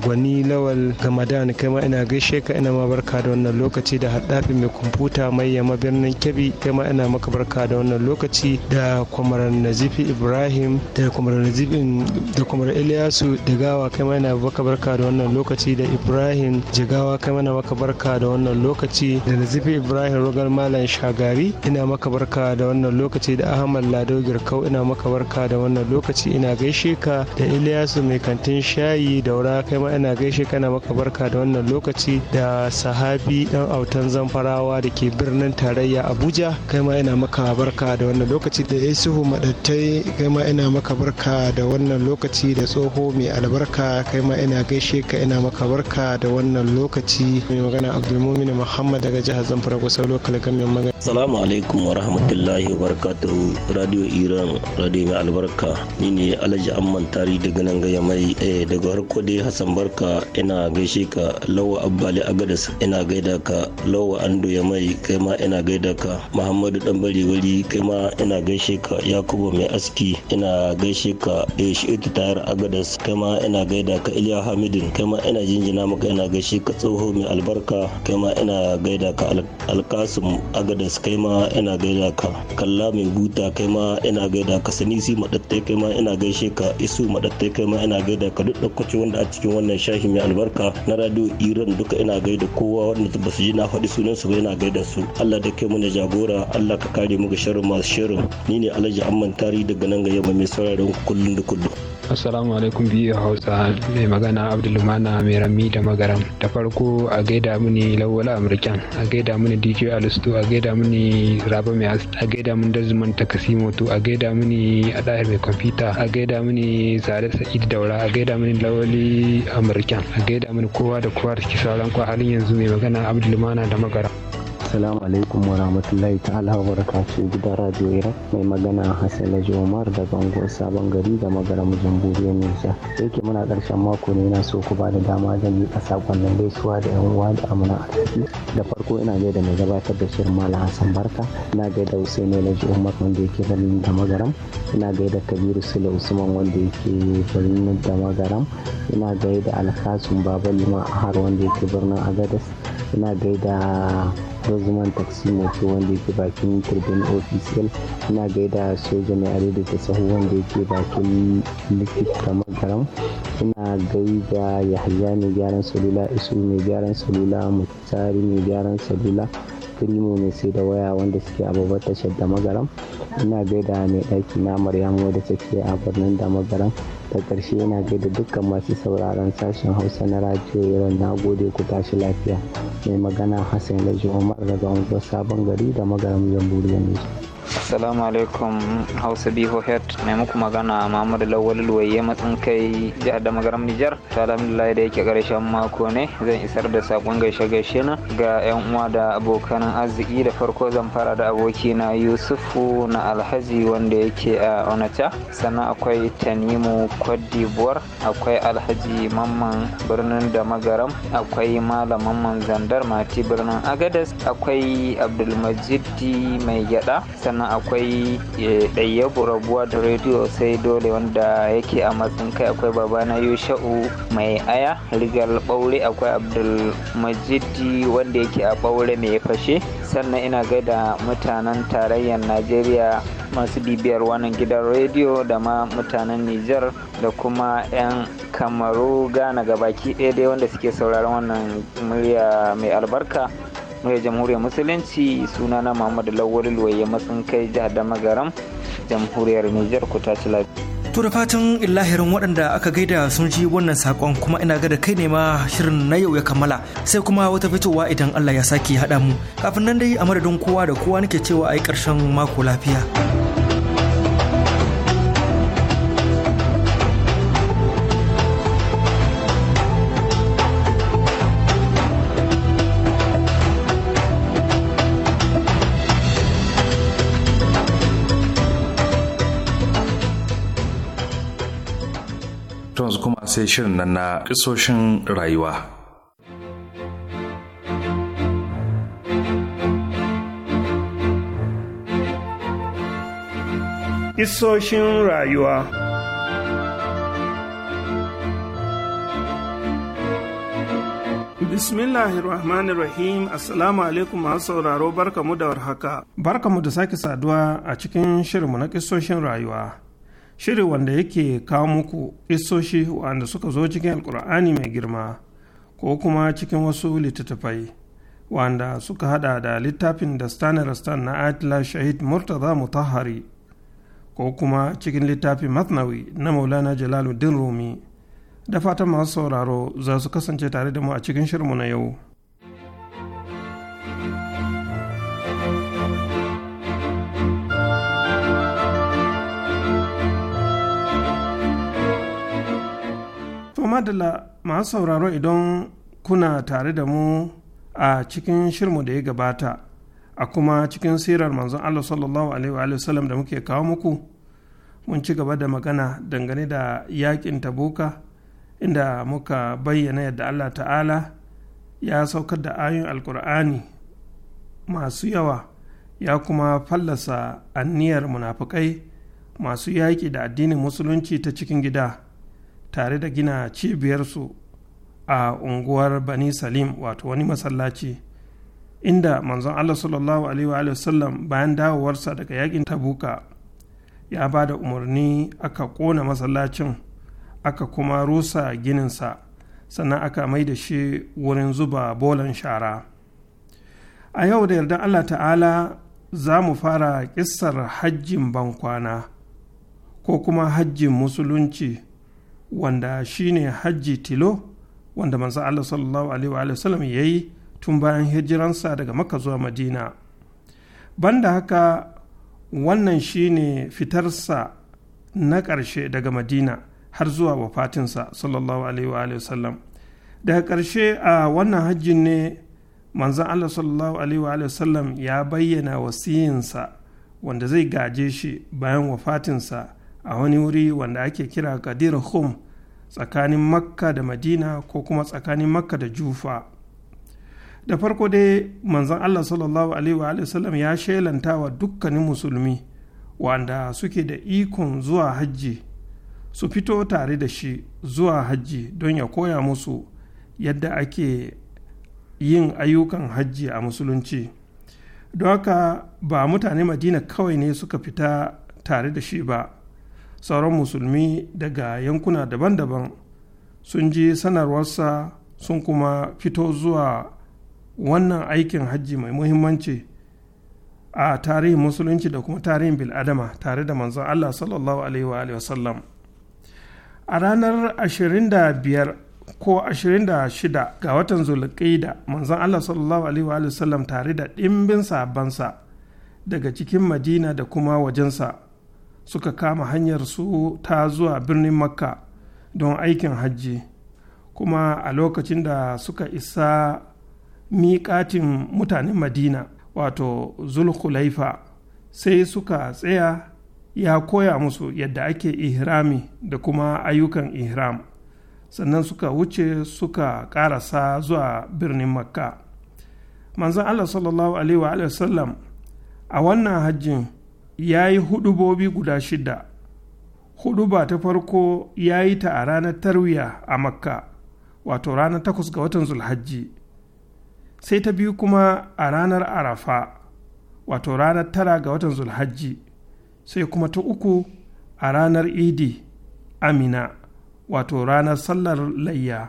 gwani lawal gamadan kai ma ina gaishe ka ina ma barka da wannan lokaci da haddafi mai Kumputa mai yamma birnin kebbi kai ma ina maka barka da wannan lokaci da kwamaran nazifi ibrahim da kwamaran nazifin da kwamaran iliyasu da gawa kai ma ina maka barka da wannan lokaci da ibrahim jigawa kai mana maka barka da wannan lokaci da nazifi ibrahim rogar malam shagari ina maka barka da wannan lokaci da ahmad lado girkau ina maka barka da wannan lokaci ina gaishe ka da iliyasu mai kantin shayi daura kai ma ina gaishe ka na maka barka da wannan lokaci da sahabi dan autan zamfarawa da ke birnin tarayya abuja kai ma ina maka barka da wannan lokaci da isuhu madattai kai ma ina maka barka da wannan lokaci da tsoho mai albarka kai ma ina gaishe ka ina maka barka da wannan lokaci Almasi mai magana Abdulmumin Muhammad daga jihar Zamfara kusa lokal gamin magana. Assalamu alaikum wa rahmatullahi wa barakatuhu Radio Iran Radio mai albarka ni ne Alhaji Amman Tari daga nan gaya mai eh, daga harko dai Hassan Barka ina gaishe ka Lawa Abbali Agadas ina gaida ka Lawa Ando ya mai kai ma ina gaida ka Muhammadu Dan Bariwari kai ma ina gaishe ka Yakubu mai aski ina gaishe ka eh, Shi'itu Tayar Agadas kai ma ina gaida ka Iliya Hamidin kai ma ina jinjina maka ina gaishe ka tsoho mai albarka kai ma ina gaida ka alkasim agadas kai ma ina gaida ka kalla mai buta kai ma ina gaida ka sanisi madattai kai ma ina gaishe ka isu madattai kai ma ina gaida ka duk ɗaukaci wanda a cikin wannan shahi mai albarka na radio iran duka ina gaida kowa wanda ba su ji na faɗi sunan su ba ina gaida su allah da kai mana jagora allah ka kare mu ga sharrin masu shirin ni ne alhaji amman tari daga nan ga yamma mai sauraron kullum da kullum assalamu alaikum biyu hausa mai magana abdulmana mai rami da magaram da farko a gaida mini lawal amurkan a gaida mini dj alistu a gaida mini raba mai aski a gaida mini dazuman takasimoto a gaida mini adahir mai kwamfuta a gaida mini zare sa'id daura a gaida mini lawali amurkan a gaida mini kowa da kowa da ke sauran kwa halin yanzu mai magana abdulmana da magara. Assalamu alaikum wa rahmatullahi ta'ala wa barakatuh gida Radio Iraq mai magana Hassan Laji Omar da unguwar Sabon Gari da magaram Jamhuriyar Nijar. Yake muna karshen mako ne na so ku ba da dama zan yi sakonnin gaisuwa da yan uwa da amana Da farko ina gaida mai gabatar da shirin Malam Hassan Barka, ina gaida Hussein Laji Omar wanda yake birnin da magaram, ina gaida Kabiru Sule Usman wanda yake birnin da magaram, ina gaida Alkasun babalima a Ahar wanda yake birnin Agadas. ina gaida rosamond taxi moto wanda yake bakin turbin ofisiyal ina gaida soja mai arewa da sahu wanda yake bakin likita magaram ina gaida yahaya mai gyaran salula isu mai gyaran salula mutari mai gyaran salula krimo mai sai da waya wanda suke abubuwar tashar da magaram ina gaida mai ɗaki na maryam wadda take a birnin da magaram ta ƙarshe yana gaida dukkan masu sauraron sashen hausa na radio iran na gode ku tashi lafiya mai magana hassan laji umar daga unguwar sabon gari da magaram jamhuriyar nijar Assalamu alaikum Hausa Biho Head mai muku magana Muhammadu Lawal Luwaye matsin kai jihar da magaram Nijar. Alhamdulillah da yake karshen mako ne zan isar da sakon gaishe gaishe na ga yan uwa da abokan arziki da farko zan fara da aboki na Yusufu na Alhaji wanda yake a Onacha sannan akwai Tanimu kwadibuwar akwai Alhaji Mamman birnin da magaram akwai Malam Mamman Zandar Mati birnin Agadas akwai Abdulmajid mai gyada sannan akwai eh, ɗayya rabuwa da rediyo sai dole wanda yake a matsin kai akwai na yusha'u mai aya rigar ɓaure akwai abdul wanda yake a ɓaure mai fashe sannan ina gaida mutanen tarayyar najeriya masu bibiyar wannan gidan rediyo da ma mutanen nijar da kuma 'yan kamaru gana gabaki ɗaya dai wanda suke sauraron wannan murya mai albarka muryar jamhuriyar musulunci sunana muhammadu lawal luwaye matsin kai jihar damagaram jamhuriyar nijar ku tashi lafiya To fatan illahirin waɗanda aka gaida sun ji wannan saƙon kuma ina ga da kai ne ma shirin na yau ya kammala sai kuma wata fitowa idan Allah ya sake haɗa mu. Kafin nan dai a madadin kowa da kowa nake cewa a yi ƙarshen mako lafiya. sai shirin nan na kisoshin rayuwa. Kisoshin rayuwa rahim, Assalamu alaikum masu sauraro barkamu da warhaka. Barkamu da sake saduwa a cikin shirinmu na kisoshin rayuwa. shirin wanda yake kawo muku isoshi wanda suka zo cikin alkur'ani mai girma ko kuma cikin wasu littattafai wanda suka hada da littafin da rastan na atila shahid murtaza mutahari ko kuma cikin littafin matnawi na maulana jalaluddin rumi da fatan masu sauraro za su kasance tare da mu a cikin shirmu na yau. madalla masu sauraro idan kuna tare da mu a cikin shirmu da ya gabata a kuma cikin sirar manzon Allah sallallahu alaihi da muke kawo muku mun ci gaba da magana dangane da yakin tabuka inda muka bayyana yadda Allah ta'ala ya saukar da ayoyin alkur'ani masu yawa ya kuma fallasa anniyar munafukai masu yaƙi da addinin musulunci ta cikin gida tare da gina cibiyarsu a unguwar bani salim wato wani masallaci inda manzon allah sallallahu alaihi wa bayan dawowarsa daga yakin tabuka ya ba da umarni aka ƙona masallacin aka kuma rusa gininsa sannan aka mai da shi wurin zuba bolan shara a yau da yardan allah ta'ala za mu fara ƙisar hajjin bankwana ko kuma hajjin musulunci wanda shine hajji tilo wanda manzo Allah sallallahu alaihi wa sallam ya yi tun bayan hijiransa daga makka zuwa madina banda haka wannan shine fitarsa na ƙarshe daga madina har zuwa wafatinsa sallallahu alaihi wa sallam daga ƙarshe a wannan hajji ne manzan allah sallallahu alaihi wa sallam ya bayyana wasiyinsa wanda zai gaje shi bayan wafatinsa a wani wuri wanda ake kira kadir hum tsakanin makka da madina ko kuma tsakanin makka da jufa da farko dai manzon allah sallallahu alaihi wa ya shelanta wa dukkanin musulmi wanda suke da ikon zuwa hajji su fito tare da shi zuwa hajji don ya koya musu yadda ake yin ayyukan hajji a musulunci don haka ba mutane madina kawai ne suka fita tare da shi ba tsaron musulmi daga yankuna daban-daban sun ji sanarwarsa sun kuma fito zuwa wannan aikin hajji mai muhimmanci a tarihin musulunci da kuma tarihin bil'adama tare da manzon Allah sallallahu alaihi wa sallam. a ranar 25 ko 26 ga watan zulqaida manzon Allah sallallahu alaihi sallam tare da ɗimbin sabansa daga cikin madina da kuma wajensa suka kama hanyar su ta zuwa birnin makka don aikin hajji kuma a lokacin da suka isa miƙatin mutanen madina wato zulhulaifa sai suka tsaya ya koya musu yadda ake ihrami da kuma ayyukan ihram sannan suka wuce suka ƙarasa zuwa birnin makka manzan allah sallallahu alaihi wa sallam a wannan hajjin ya yi hudubobi guda shida hudu ba ta farko ya yi ta a ranar tarwiya a makka wato ranar takwas ga watan zulhajji sai ta biyu kuma a ranar arafa wato ranar tara ga watan zulhajji sai kuma ta uku a ranar idi amina wato ranar sallar layya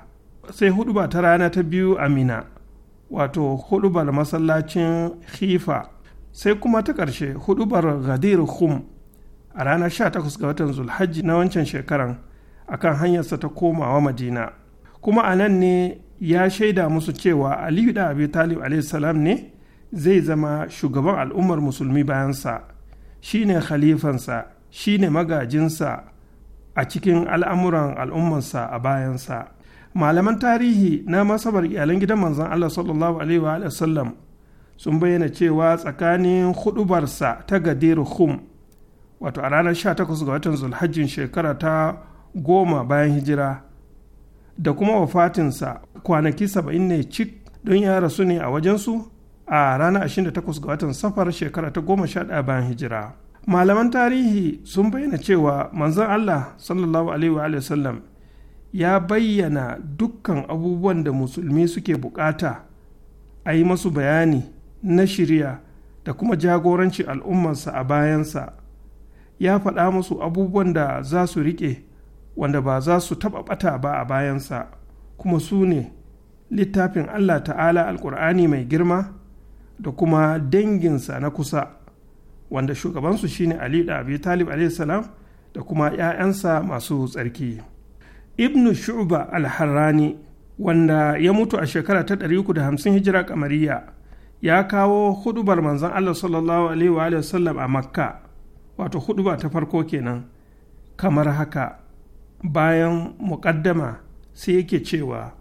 sai ba ta rana ta biyu amina wato ba masallacin khifa sai kuma ta ƙarshe hudubar ghadir hum a ranar 18 ga watan zulhajji na wancan shekaran akan hanyarsa ta komawa madina kuma a nan ne ya shaida musu cewa aliyu da abi talib salam ne zai zama shugaban al'ummar musulmi bayansa shine khalifansa shine magajinsa a cikin al'amuran al'ummarsa a bayansa malaman tarihi na masabar iyalan gidan manzon allah sallallahu alaihi wa sallam sun bayyana cewa tsakanin hudubarsa ta gadir hum wato a ranar 18 ga watan zulhajjin shekara ta goma bayan hijira da kuma wafatinsa kwanaki 70 ne cik don ya rasu ne a wajensu a ranar 28 ga watan safar shekara ta goma sha daya bayan hijira malaman tarihi sun bayyana cewa manzon allah sallallahu alaihi wa sallam ya bayyana dukkan abubuwan da musulmi suke bukata a yi masu bayani na shirya da kuma jagoranci al'ummarsa a bayansa ya faɗa musu abubuwan da za su riƙe wanda ba za su taɓa ɓata ba a bayansa kuma su ne littafin allah ta'ala alƙur'ani mai girma da kuma danginsa na kusa wanda shugabansu shine ali da abi talib salam da kuma 'ya'yansa masu tsarki ibnu shu'ba al-harrani wanda ya mutu a shekara ta 350 hijira kamariya ya kawo hudubar manzon Allah sallallahu alaihi wa sallam a makka wato huduba ta farko kenan kamar haka bayan muƙaddama sai yake cewa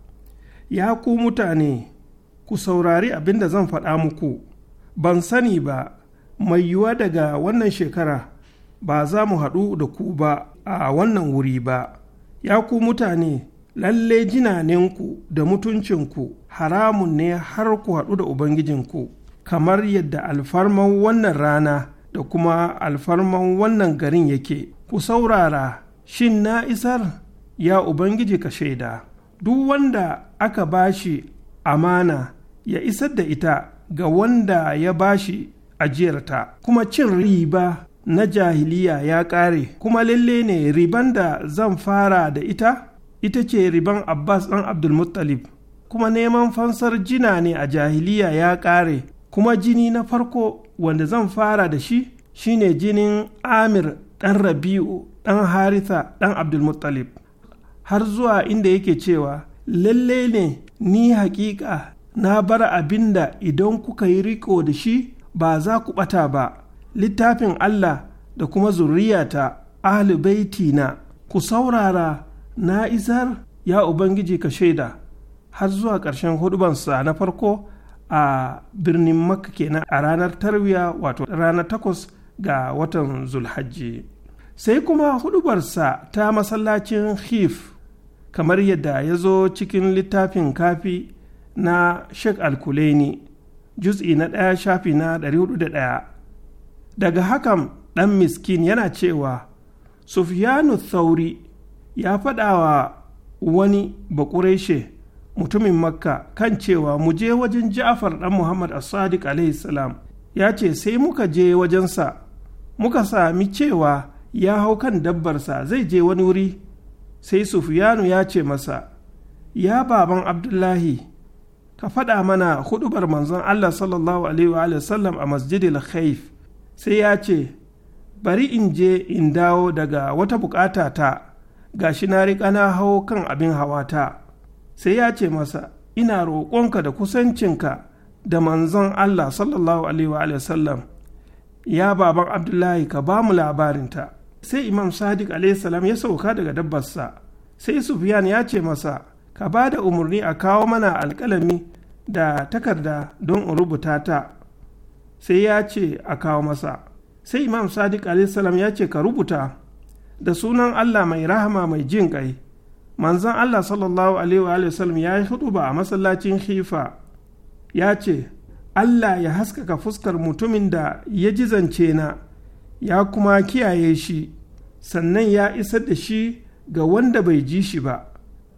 ya ku mutane ku saurari abin da zan faɗa muku ban sani ba mai yiwuwa daga wannan shekara ba za mu haɗu da ku ba a wannan wuri ba ya ku mutane lalle jinaninku da mutuncinku haramun ne har ku haɗu da ubangijinku kamar yadda alfarman wannan rana da kuma alfarman wannan garin yake ku saurara shin na isar ya ubangiji ka shaida duk wanda aka bashi amana ya isar da ita ga wanda ya bashi ajiyarta kuma cin riba na jahiliya ya ƙare kuma lalle ne riban da zan fara da ita ita ce riban abbas ɗan abdulmuttalib kuma neman fansar jina ne a jahiliya ya ƙare kuma jini na farko wanda zan fara da shi shine jinin amir ɗan rabi'u ɗan haritha ɗan abdulmuttalib har zuwa inda yake cewa lalle ne ni haƙiƙa. na bar abinda idan kuka yi riko da shi ba za ku ɓata ba littafin allah da kuma zuriyata ahli na ku saurara na isar ya ubangiji ka shaida har zuwa ƙarshen hudubansa na farko a birnin makka kenan a ranar tarwiya wato ranar takwas ga watan zulhajji sai kuma hudubarsa ta masallacin hif kamar yadda ya zo cikin littafin kafi na al alkuleni juz'i na ɗaya shafi na ɗaya. daga hakan ɗan miskin yana cewa sufyanu sauri ya faɗawa wani bakurai mutumin makka kan cewa mu je wajen ja'afar ɗan muhammad as-sadiq salam ya ce sai muka je wajensa muka sami cewa ya hau kan dabbarsa zai je wani wuri sai sufiyanu ya ce masa ya baban abdullahi ka faɗa mana hudubar manzon allah sallallahu alaihi wa sallam a masjidil khaif sai ya ce bari in je in dawo daga wata bukata ta ga shi na riƙa na hau kan abin hawa ta. sai ya ce masa ina roƙonka da kusancinka da manzon Allah sallallahu alaihi sallam ya baban Abdullahi ka ba mu labarinta sai Imam Sadiq alaihi salam ya sauka daga dabbarsa sai Sufyan ya ce masa ka ba da umarni a kawo mana alƙalami da takarda don in rubuta ta sai ya ce a kawo masa sai imam sadiq salam ya ce ka rubuta da sunan allah mai rahama mai jin ƙai manzon allah sallallahu alaihi wasallam ya yi hudu ba a masallacin hifa ya ce allah ya haskaka fuskar mutumin da ya jizance na ya kuma kiyaye shi sannan ya isar da shi ga wanda bai ji shi ba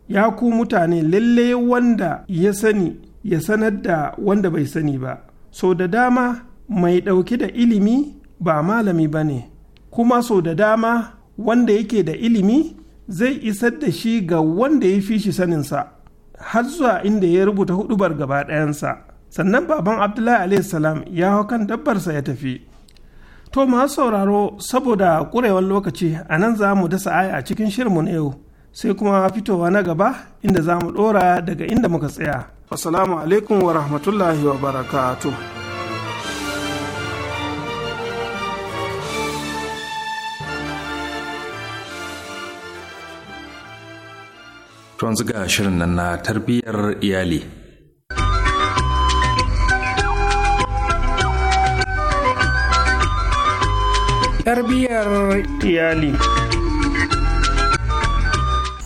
ya ku mutane lalle wanda ya sani ya sanar da wanda bai sani ba so da dama mai ɗauke da ilimi ba malami ba ne kuma so da dama wanda yake da ilimi zai isar da shi ga wanda ya fi shi saninsa har zuwa inda ya rubuta hudubar gaba ɗayansa sannan baban abdullahi salam ya hau kan dabbarsa ya tafi to masu sauraro saboda ƙurewar lokaci a nan za mu dasa aya a cikin shirinmu na yau sai kuma fitowa na gaba inda za mu ɗora daga inda muka tsaya. Assalamu alaikum wa rahmatullahi wa barakatuh. To yanzu ga shirin nan na tarbiyyar iyali. Tarbiyyar iyali.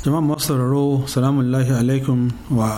jama'a masu sauraro salamun lahi alaikum wa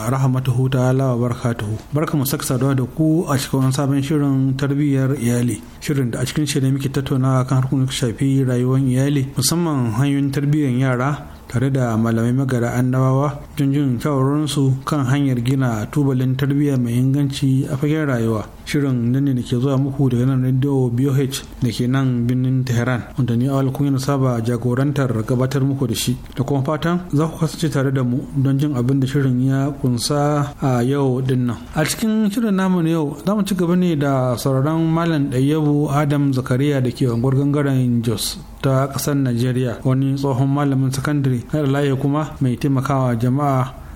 huta ala wa barakatuhu barka mu saka saduwa da ku a cikin wani sabon shirin tarbiyyar iyali shirin da a cikin shirin muke tattaunawa kan harkokin shafi rayuwar iyali musamman hanyoyin tarbiyyar yara tare da malamai magara annabawa jinjin jin kan hanyar gina tubalin tarbiyya mai inganci a fagen rayuwa shirin nan ne da ke zuwa muku daga nan radio boh da ke nan birnin tehran wanda ni awal kun yana saba jagorantar gabatar muku da shi da kuma fatan za ku kasance tare da mu don jin abin da shirin ya kunsa a yau dinnan. a cikin shirin namu na yau za mu ci gaba ne da sauraron malam ɗayyabu adam zakariya da ke unguwar gangaren jos ta ƙasar najeriya wani tsohon malamin sakandare har layi kuma mai taimakawa jama'a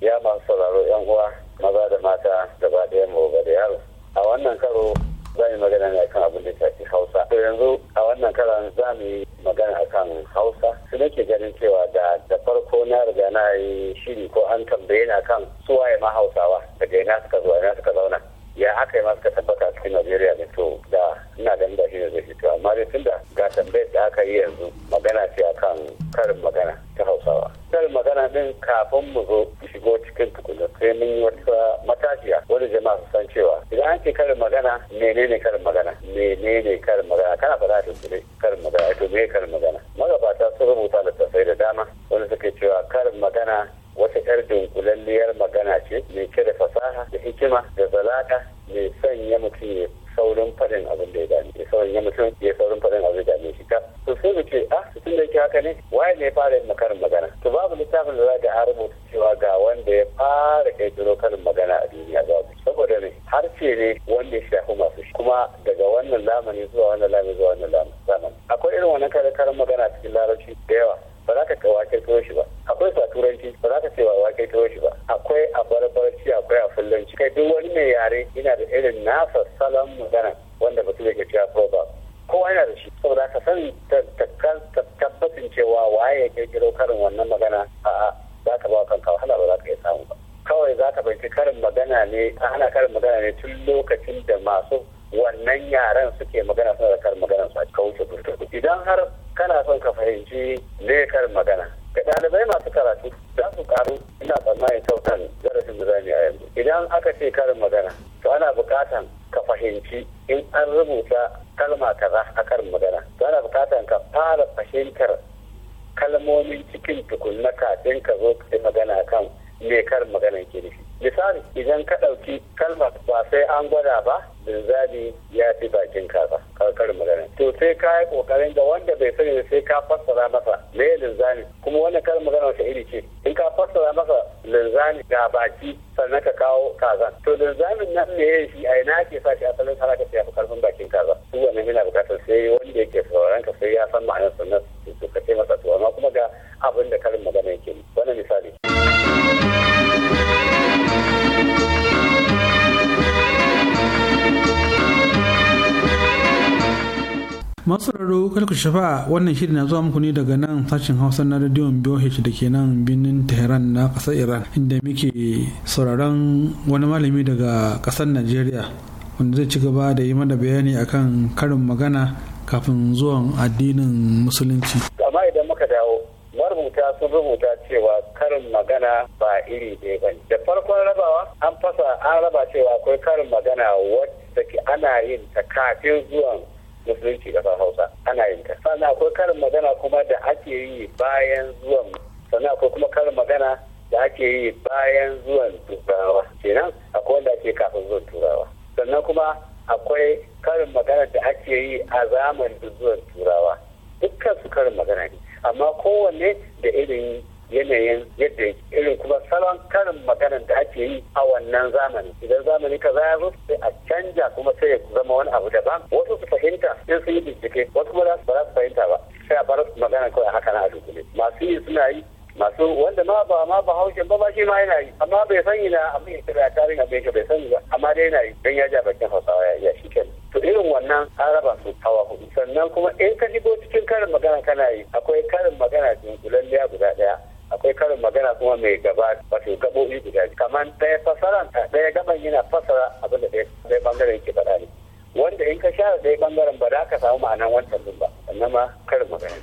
ya masu sauraro yan uwa maza da mata da ba ɗaya mu gaba da yaro a wannan karo za mu magana ne akan abin da shafi hausa to yanzu a wannan karan za mu yi magana akan hausa su nake ganin cewa da da farko na riga na yi shiri ko an tambaye ni akan waye ma hausawa daga ina suka zuwa ina suka zauna ya aka yi ma suka tabbata cikin najeriya ne to da ina da inda shi ne zai fito amma dai tunda ga tambayar da aka yi yanzu magana ce a akan karin magana ta hausawa karin magana din kafin mu zo shigo cikin tukuna sai mun yi wata matashiya wani jama'a su san cewa idan an ce karin magana menene karin magana menene karin magana kana faɗa ta zube. karin magana to me karin magana magabata sun rubuta littattafai da dama wani suke cewa karin magana wata 'yar dunkulalliyar magana ce mai da fasaha da hikima da zalaka mai sanya mutum ya saurin faɗin abin da ya dame shi saurin ya mutum ya saurin faɗin abin da ya dame shi ka to sai mu ce ah tun da yake haka ne waye ne ya fara yin karin magana to babu littafin da za ka a rubuta cewa ga wanda ya fara ƙirƙiro karin magana a duniya babu saboda ne harshe ne wanda ya shafi masu shi kuma daga wannan zamani zuwa wannan lamani zuwa wannan zamani akwai irin wani karin magana cikin larabci da yawa ba za ka ga wake tuwo shi ba akwai faturanci. ba za ka ce wa wake tuwo shi ba akwai a barbarci akwai a fulanci. kai duk wani mai yare yana da irin nasa salon magana wanda mutum yake cewa ba kowa yana da shi saboda ka san tabbacin cewa waye ya kirkiro karin wannan magana a'a za ka ba kanka wahala ba za ka iya samu ba kawai za ka fahimci karin magana ne ana karin magana ne tun lokacin da masu wannan yaren suke magana suna da karin magana su a su idan har kana son ka fahimci lekar magana ga ɗalibai masu karatu za su karu ina tsammanin kyautan darasin da zamu a yanzu idan aka ce karin magana to ana buƙatan ka fahimci in an rubuta kalma kaza a karin magana to ana buƙatan ka fara fahimtar kalmomin cikin tukunna kafin ka zo ka magana kan me karin magana ke nufi misali idan ka ɗauki kalmar ba sai an gwada ba linzami ya fi bakin kaza karkar magana to sai ka yi kokarin da wanda bai sani da sai ka fassara masa me linzami kuma wannan karin magana wata iri ce in ka fassara masa linzami ga baki sannan ka kawo kaza to linzamin nan me yayin shi a ina ke sa shi asalin haraka sai fi karfin bakin kaza su wannan yana bukatar sai wanda yake sauran ka sai ya san ma'anar sannan su ka ce masa to amma kuma ga abin da karin magana yake wannan misali masararo kalku shafa wannan shiri na zuwa muku ne daga nan sashen hausa na rediyon BOH da ke nan birnin tehran na kasar iran inda muke sauraron wani malami daga kasar najeriya wanda zai ci gaba da yi mana bayani akan karin magana kafin zuwan addinin musulunci amma idan muka dawo marubuta sun rubuta cewa karin magana ba iri ɗaya ba da farkon rabawa an fasa an raba cewa akwai karin magana wacce ana yin ta kafin zuwan musulunci ƙasar hausa ana yin ta sannan akwai karin magana kuma da ake yi bayan zuwan sannan akwai kuma karin magana da ake yi bayan zuwan turawa kenan akwai wanda ake kafin zuwan turawa sannan kuma akwai karin magana da ake yi a zamanin zuwan turawa dukkan su karin magana ne amma kowanne da irin yanayin yadda irin kuma salon karin maganar da ake yi a wannan zamani idan zamani ka za zo sai a canja kuma sai ya zama wani abu daban wasu su fahimta in su yi bincike wasu kuma ba za su fahimta ba sai a bar su magana kawai haka na a dunkule masu yi suna yi masu wanda ma ba ma ba haushe ba ba shi ma yana yi amma bai sani na abin ya kira tarin abin bai sani ba amma dai yana yi don ya ja bakin hausawa ya iya shi to irin wannan an raba su hawa hudu sannan kuma in ka shigo cikin karin magana kana yi akwai karin magana dunkulalliya guda daya akwai karin magana kuma mai gaba wato gaɓoɓi guda kamar ɗaya fasaran ɗaya gaban yana fasara abin da ɗaya bangaren ke faɗa ne wanda in ka share ɗaya bangaren ba za ka samu ma'anan wancan ba sannan ma karin magana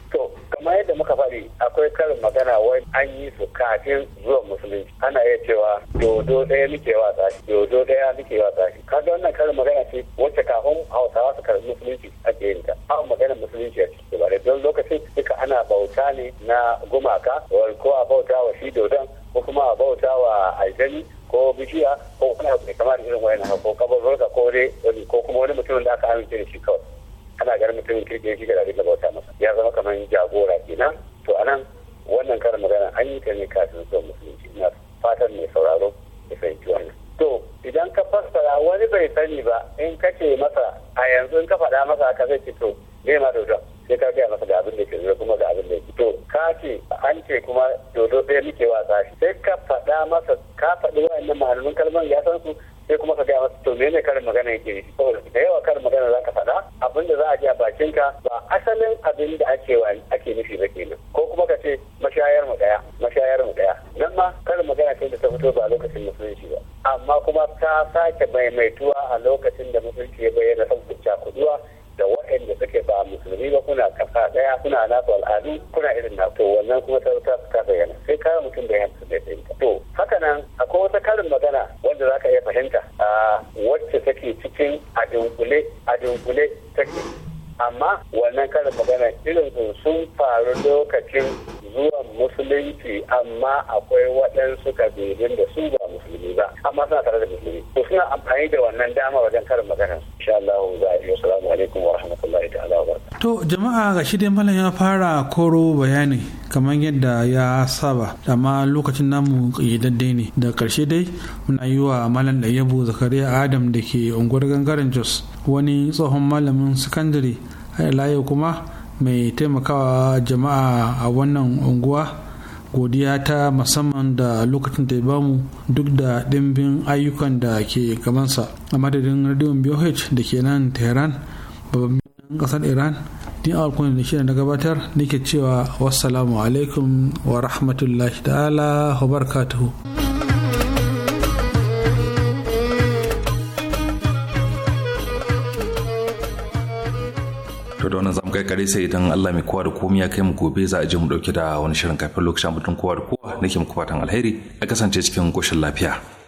kuma yadda muka faɗi akwai karin magana wai an yi su kafin zuwa musulunci ana iya cewa dodo ɗaya muke wa tsaki dodo ɗaya muke wa tsaki kaga wannan karin magana ce wacce kafin hausawa su karɓi musulunci ake yin ta a magana musulunci a cikin bare don lokacin duka ana bauta ne na gumaka ko a bauta wa shi dodon ko kuma a bauta wa aljani ko bishiya ko kuma abu kamar irin wani ko kabarorka ko dai ko kuma wani mutumin da aka amince da shi kawai ana ganin mutumin kirkin shi ga da bauta masa ya zama kamar jagora kenan to anan wannan karin magana an yi ta ne kafin zuwa musulunci na. fatan mai sauraro ya fahimci wannan to idan ka fassara wani bai sani ba in ka ce masa a yanzu in ka faɗa masa ka zai ce to zai ma dodo sai ka gaya masa da abin da ke zuwa kuma da abin da ke to ka ce an ce kuma dodo ɗaya muke wasa shi sai ka faɗa masa ka faɗi wa'annan ma'anonin kalmar ya san su sai kuma ka gaya masa to ne karin magana yake yi ko da yawa karin magana za ka faɗa abin da za a ji a bakin ka ba asalin abin da ake ake nufi ba kenan ko kuma ka ce mashayar mu ɗaya mashayar mu ɗaya nan ma karin magana ce da ta fito ba a lokacin musulunci ba amma kuma ta sake maimaituwa a lokacin da musulunci ya bayyana son cakuduwa da waɗanda suke ba musulmi ba kuna kasa ɗaya kuna nasu al'adu kuna irin na to wannan kuma ta ta ta bayyana sai kare mutum da yanzu da ɗinka to haka nan akwai wata karin magana wanda za ka iya fahimta a wacce take cikin a dunkule a dunkule take amma wannan karin magana irin sun faru lokacin zuwan musulunci amma akwai waɗansu kabilun da su ba musulmi ba amma suna tare da musulmi to suna amfani da wannan dama wajen karin magana insha Allah za a yi assalamu alaikum wa rahmatullahi ta'ala wa barakatuh to jama'a ga shi dai malam ya fara koro bayani kamar yadda ya saba da ma lokacin namu ƙidaddai ne da ƙarshe dai muna yi wa malam da yabo zakariya adam da ke unguwar gangaren jos wani tsohon malamin sakandare a layo kuma mai taimakawa jama'a a wannan unguwa godiya ta musamman da lokacin da ya bamu duk da ɗimbin ayyukan da ke gabansa a madadin radio bioh da ke nan tehran babban birnin ƙasar iran ni a da shirin na gabatar nake cewa wassalamu alaikum wa rahmatullahi ta'ala wa barakatuhu to da wannan zamu kai kare sai idan Allah mai kowa da komai ya kai mu gobe za a je mu dauke da wani shirin kafin lokacin mutum kowa da kowa nake muku fatan alheri a kasance cikin koshin lafiya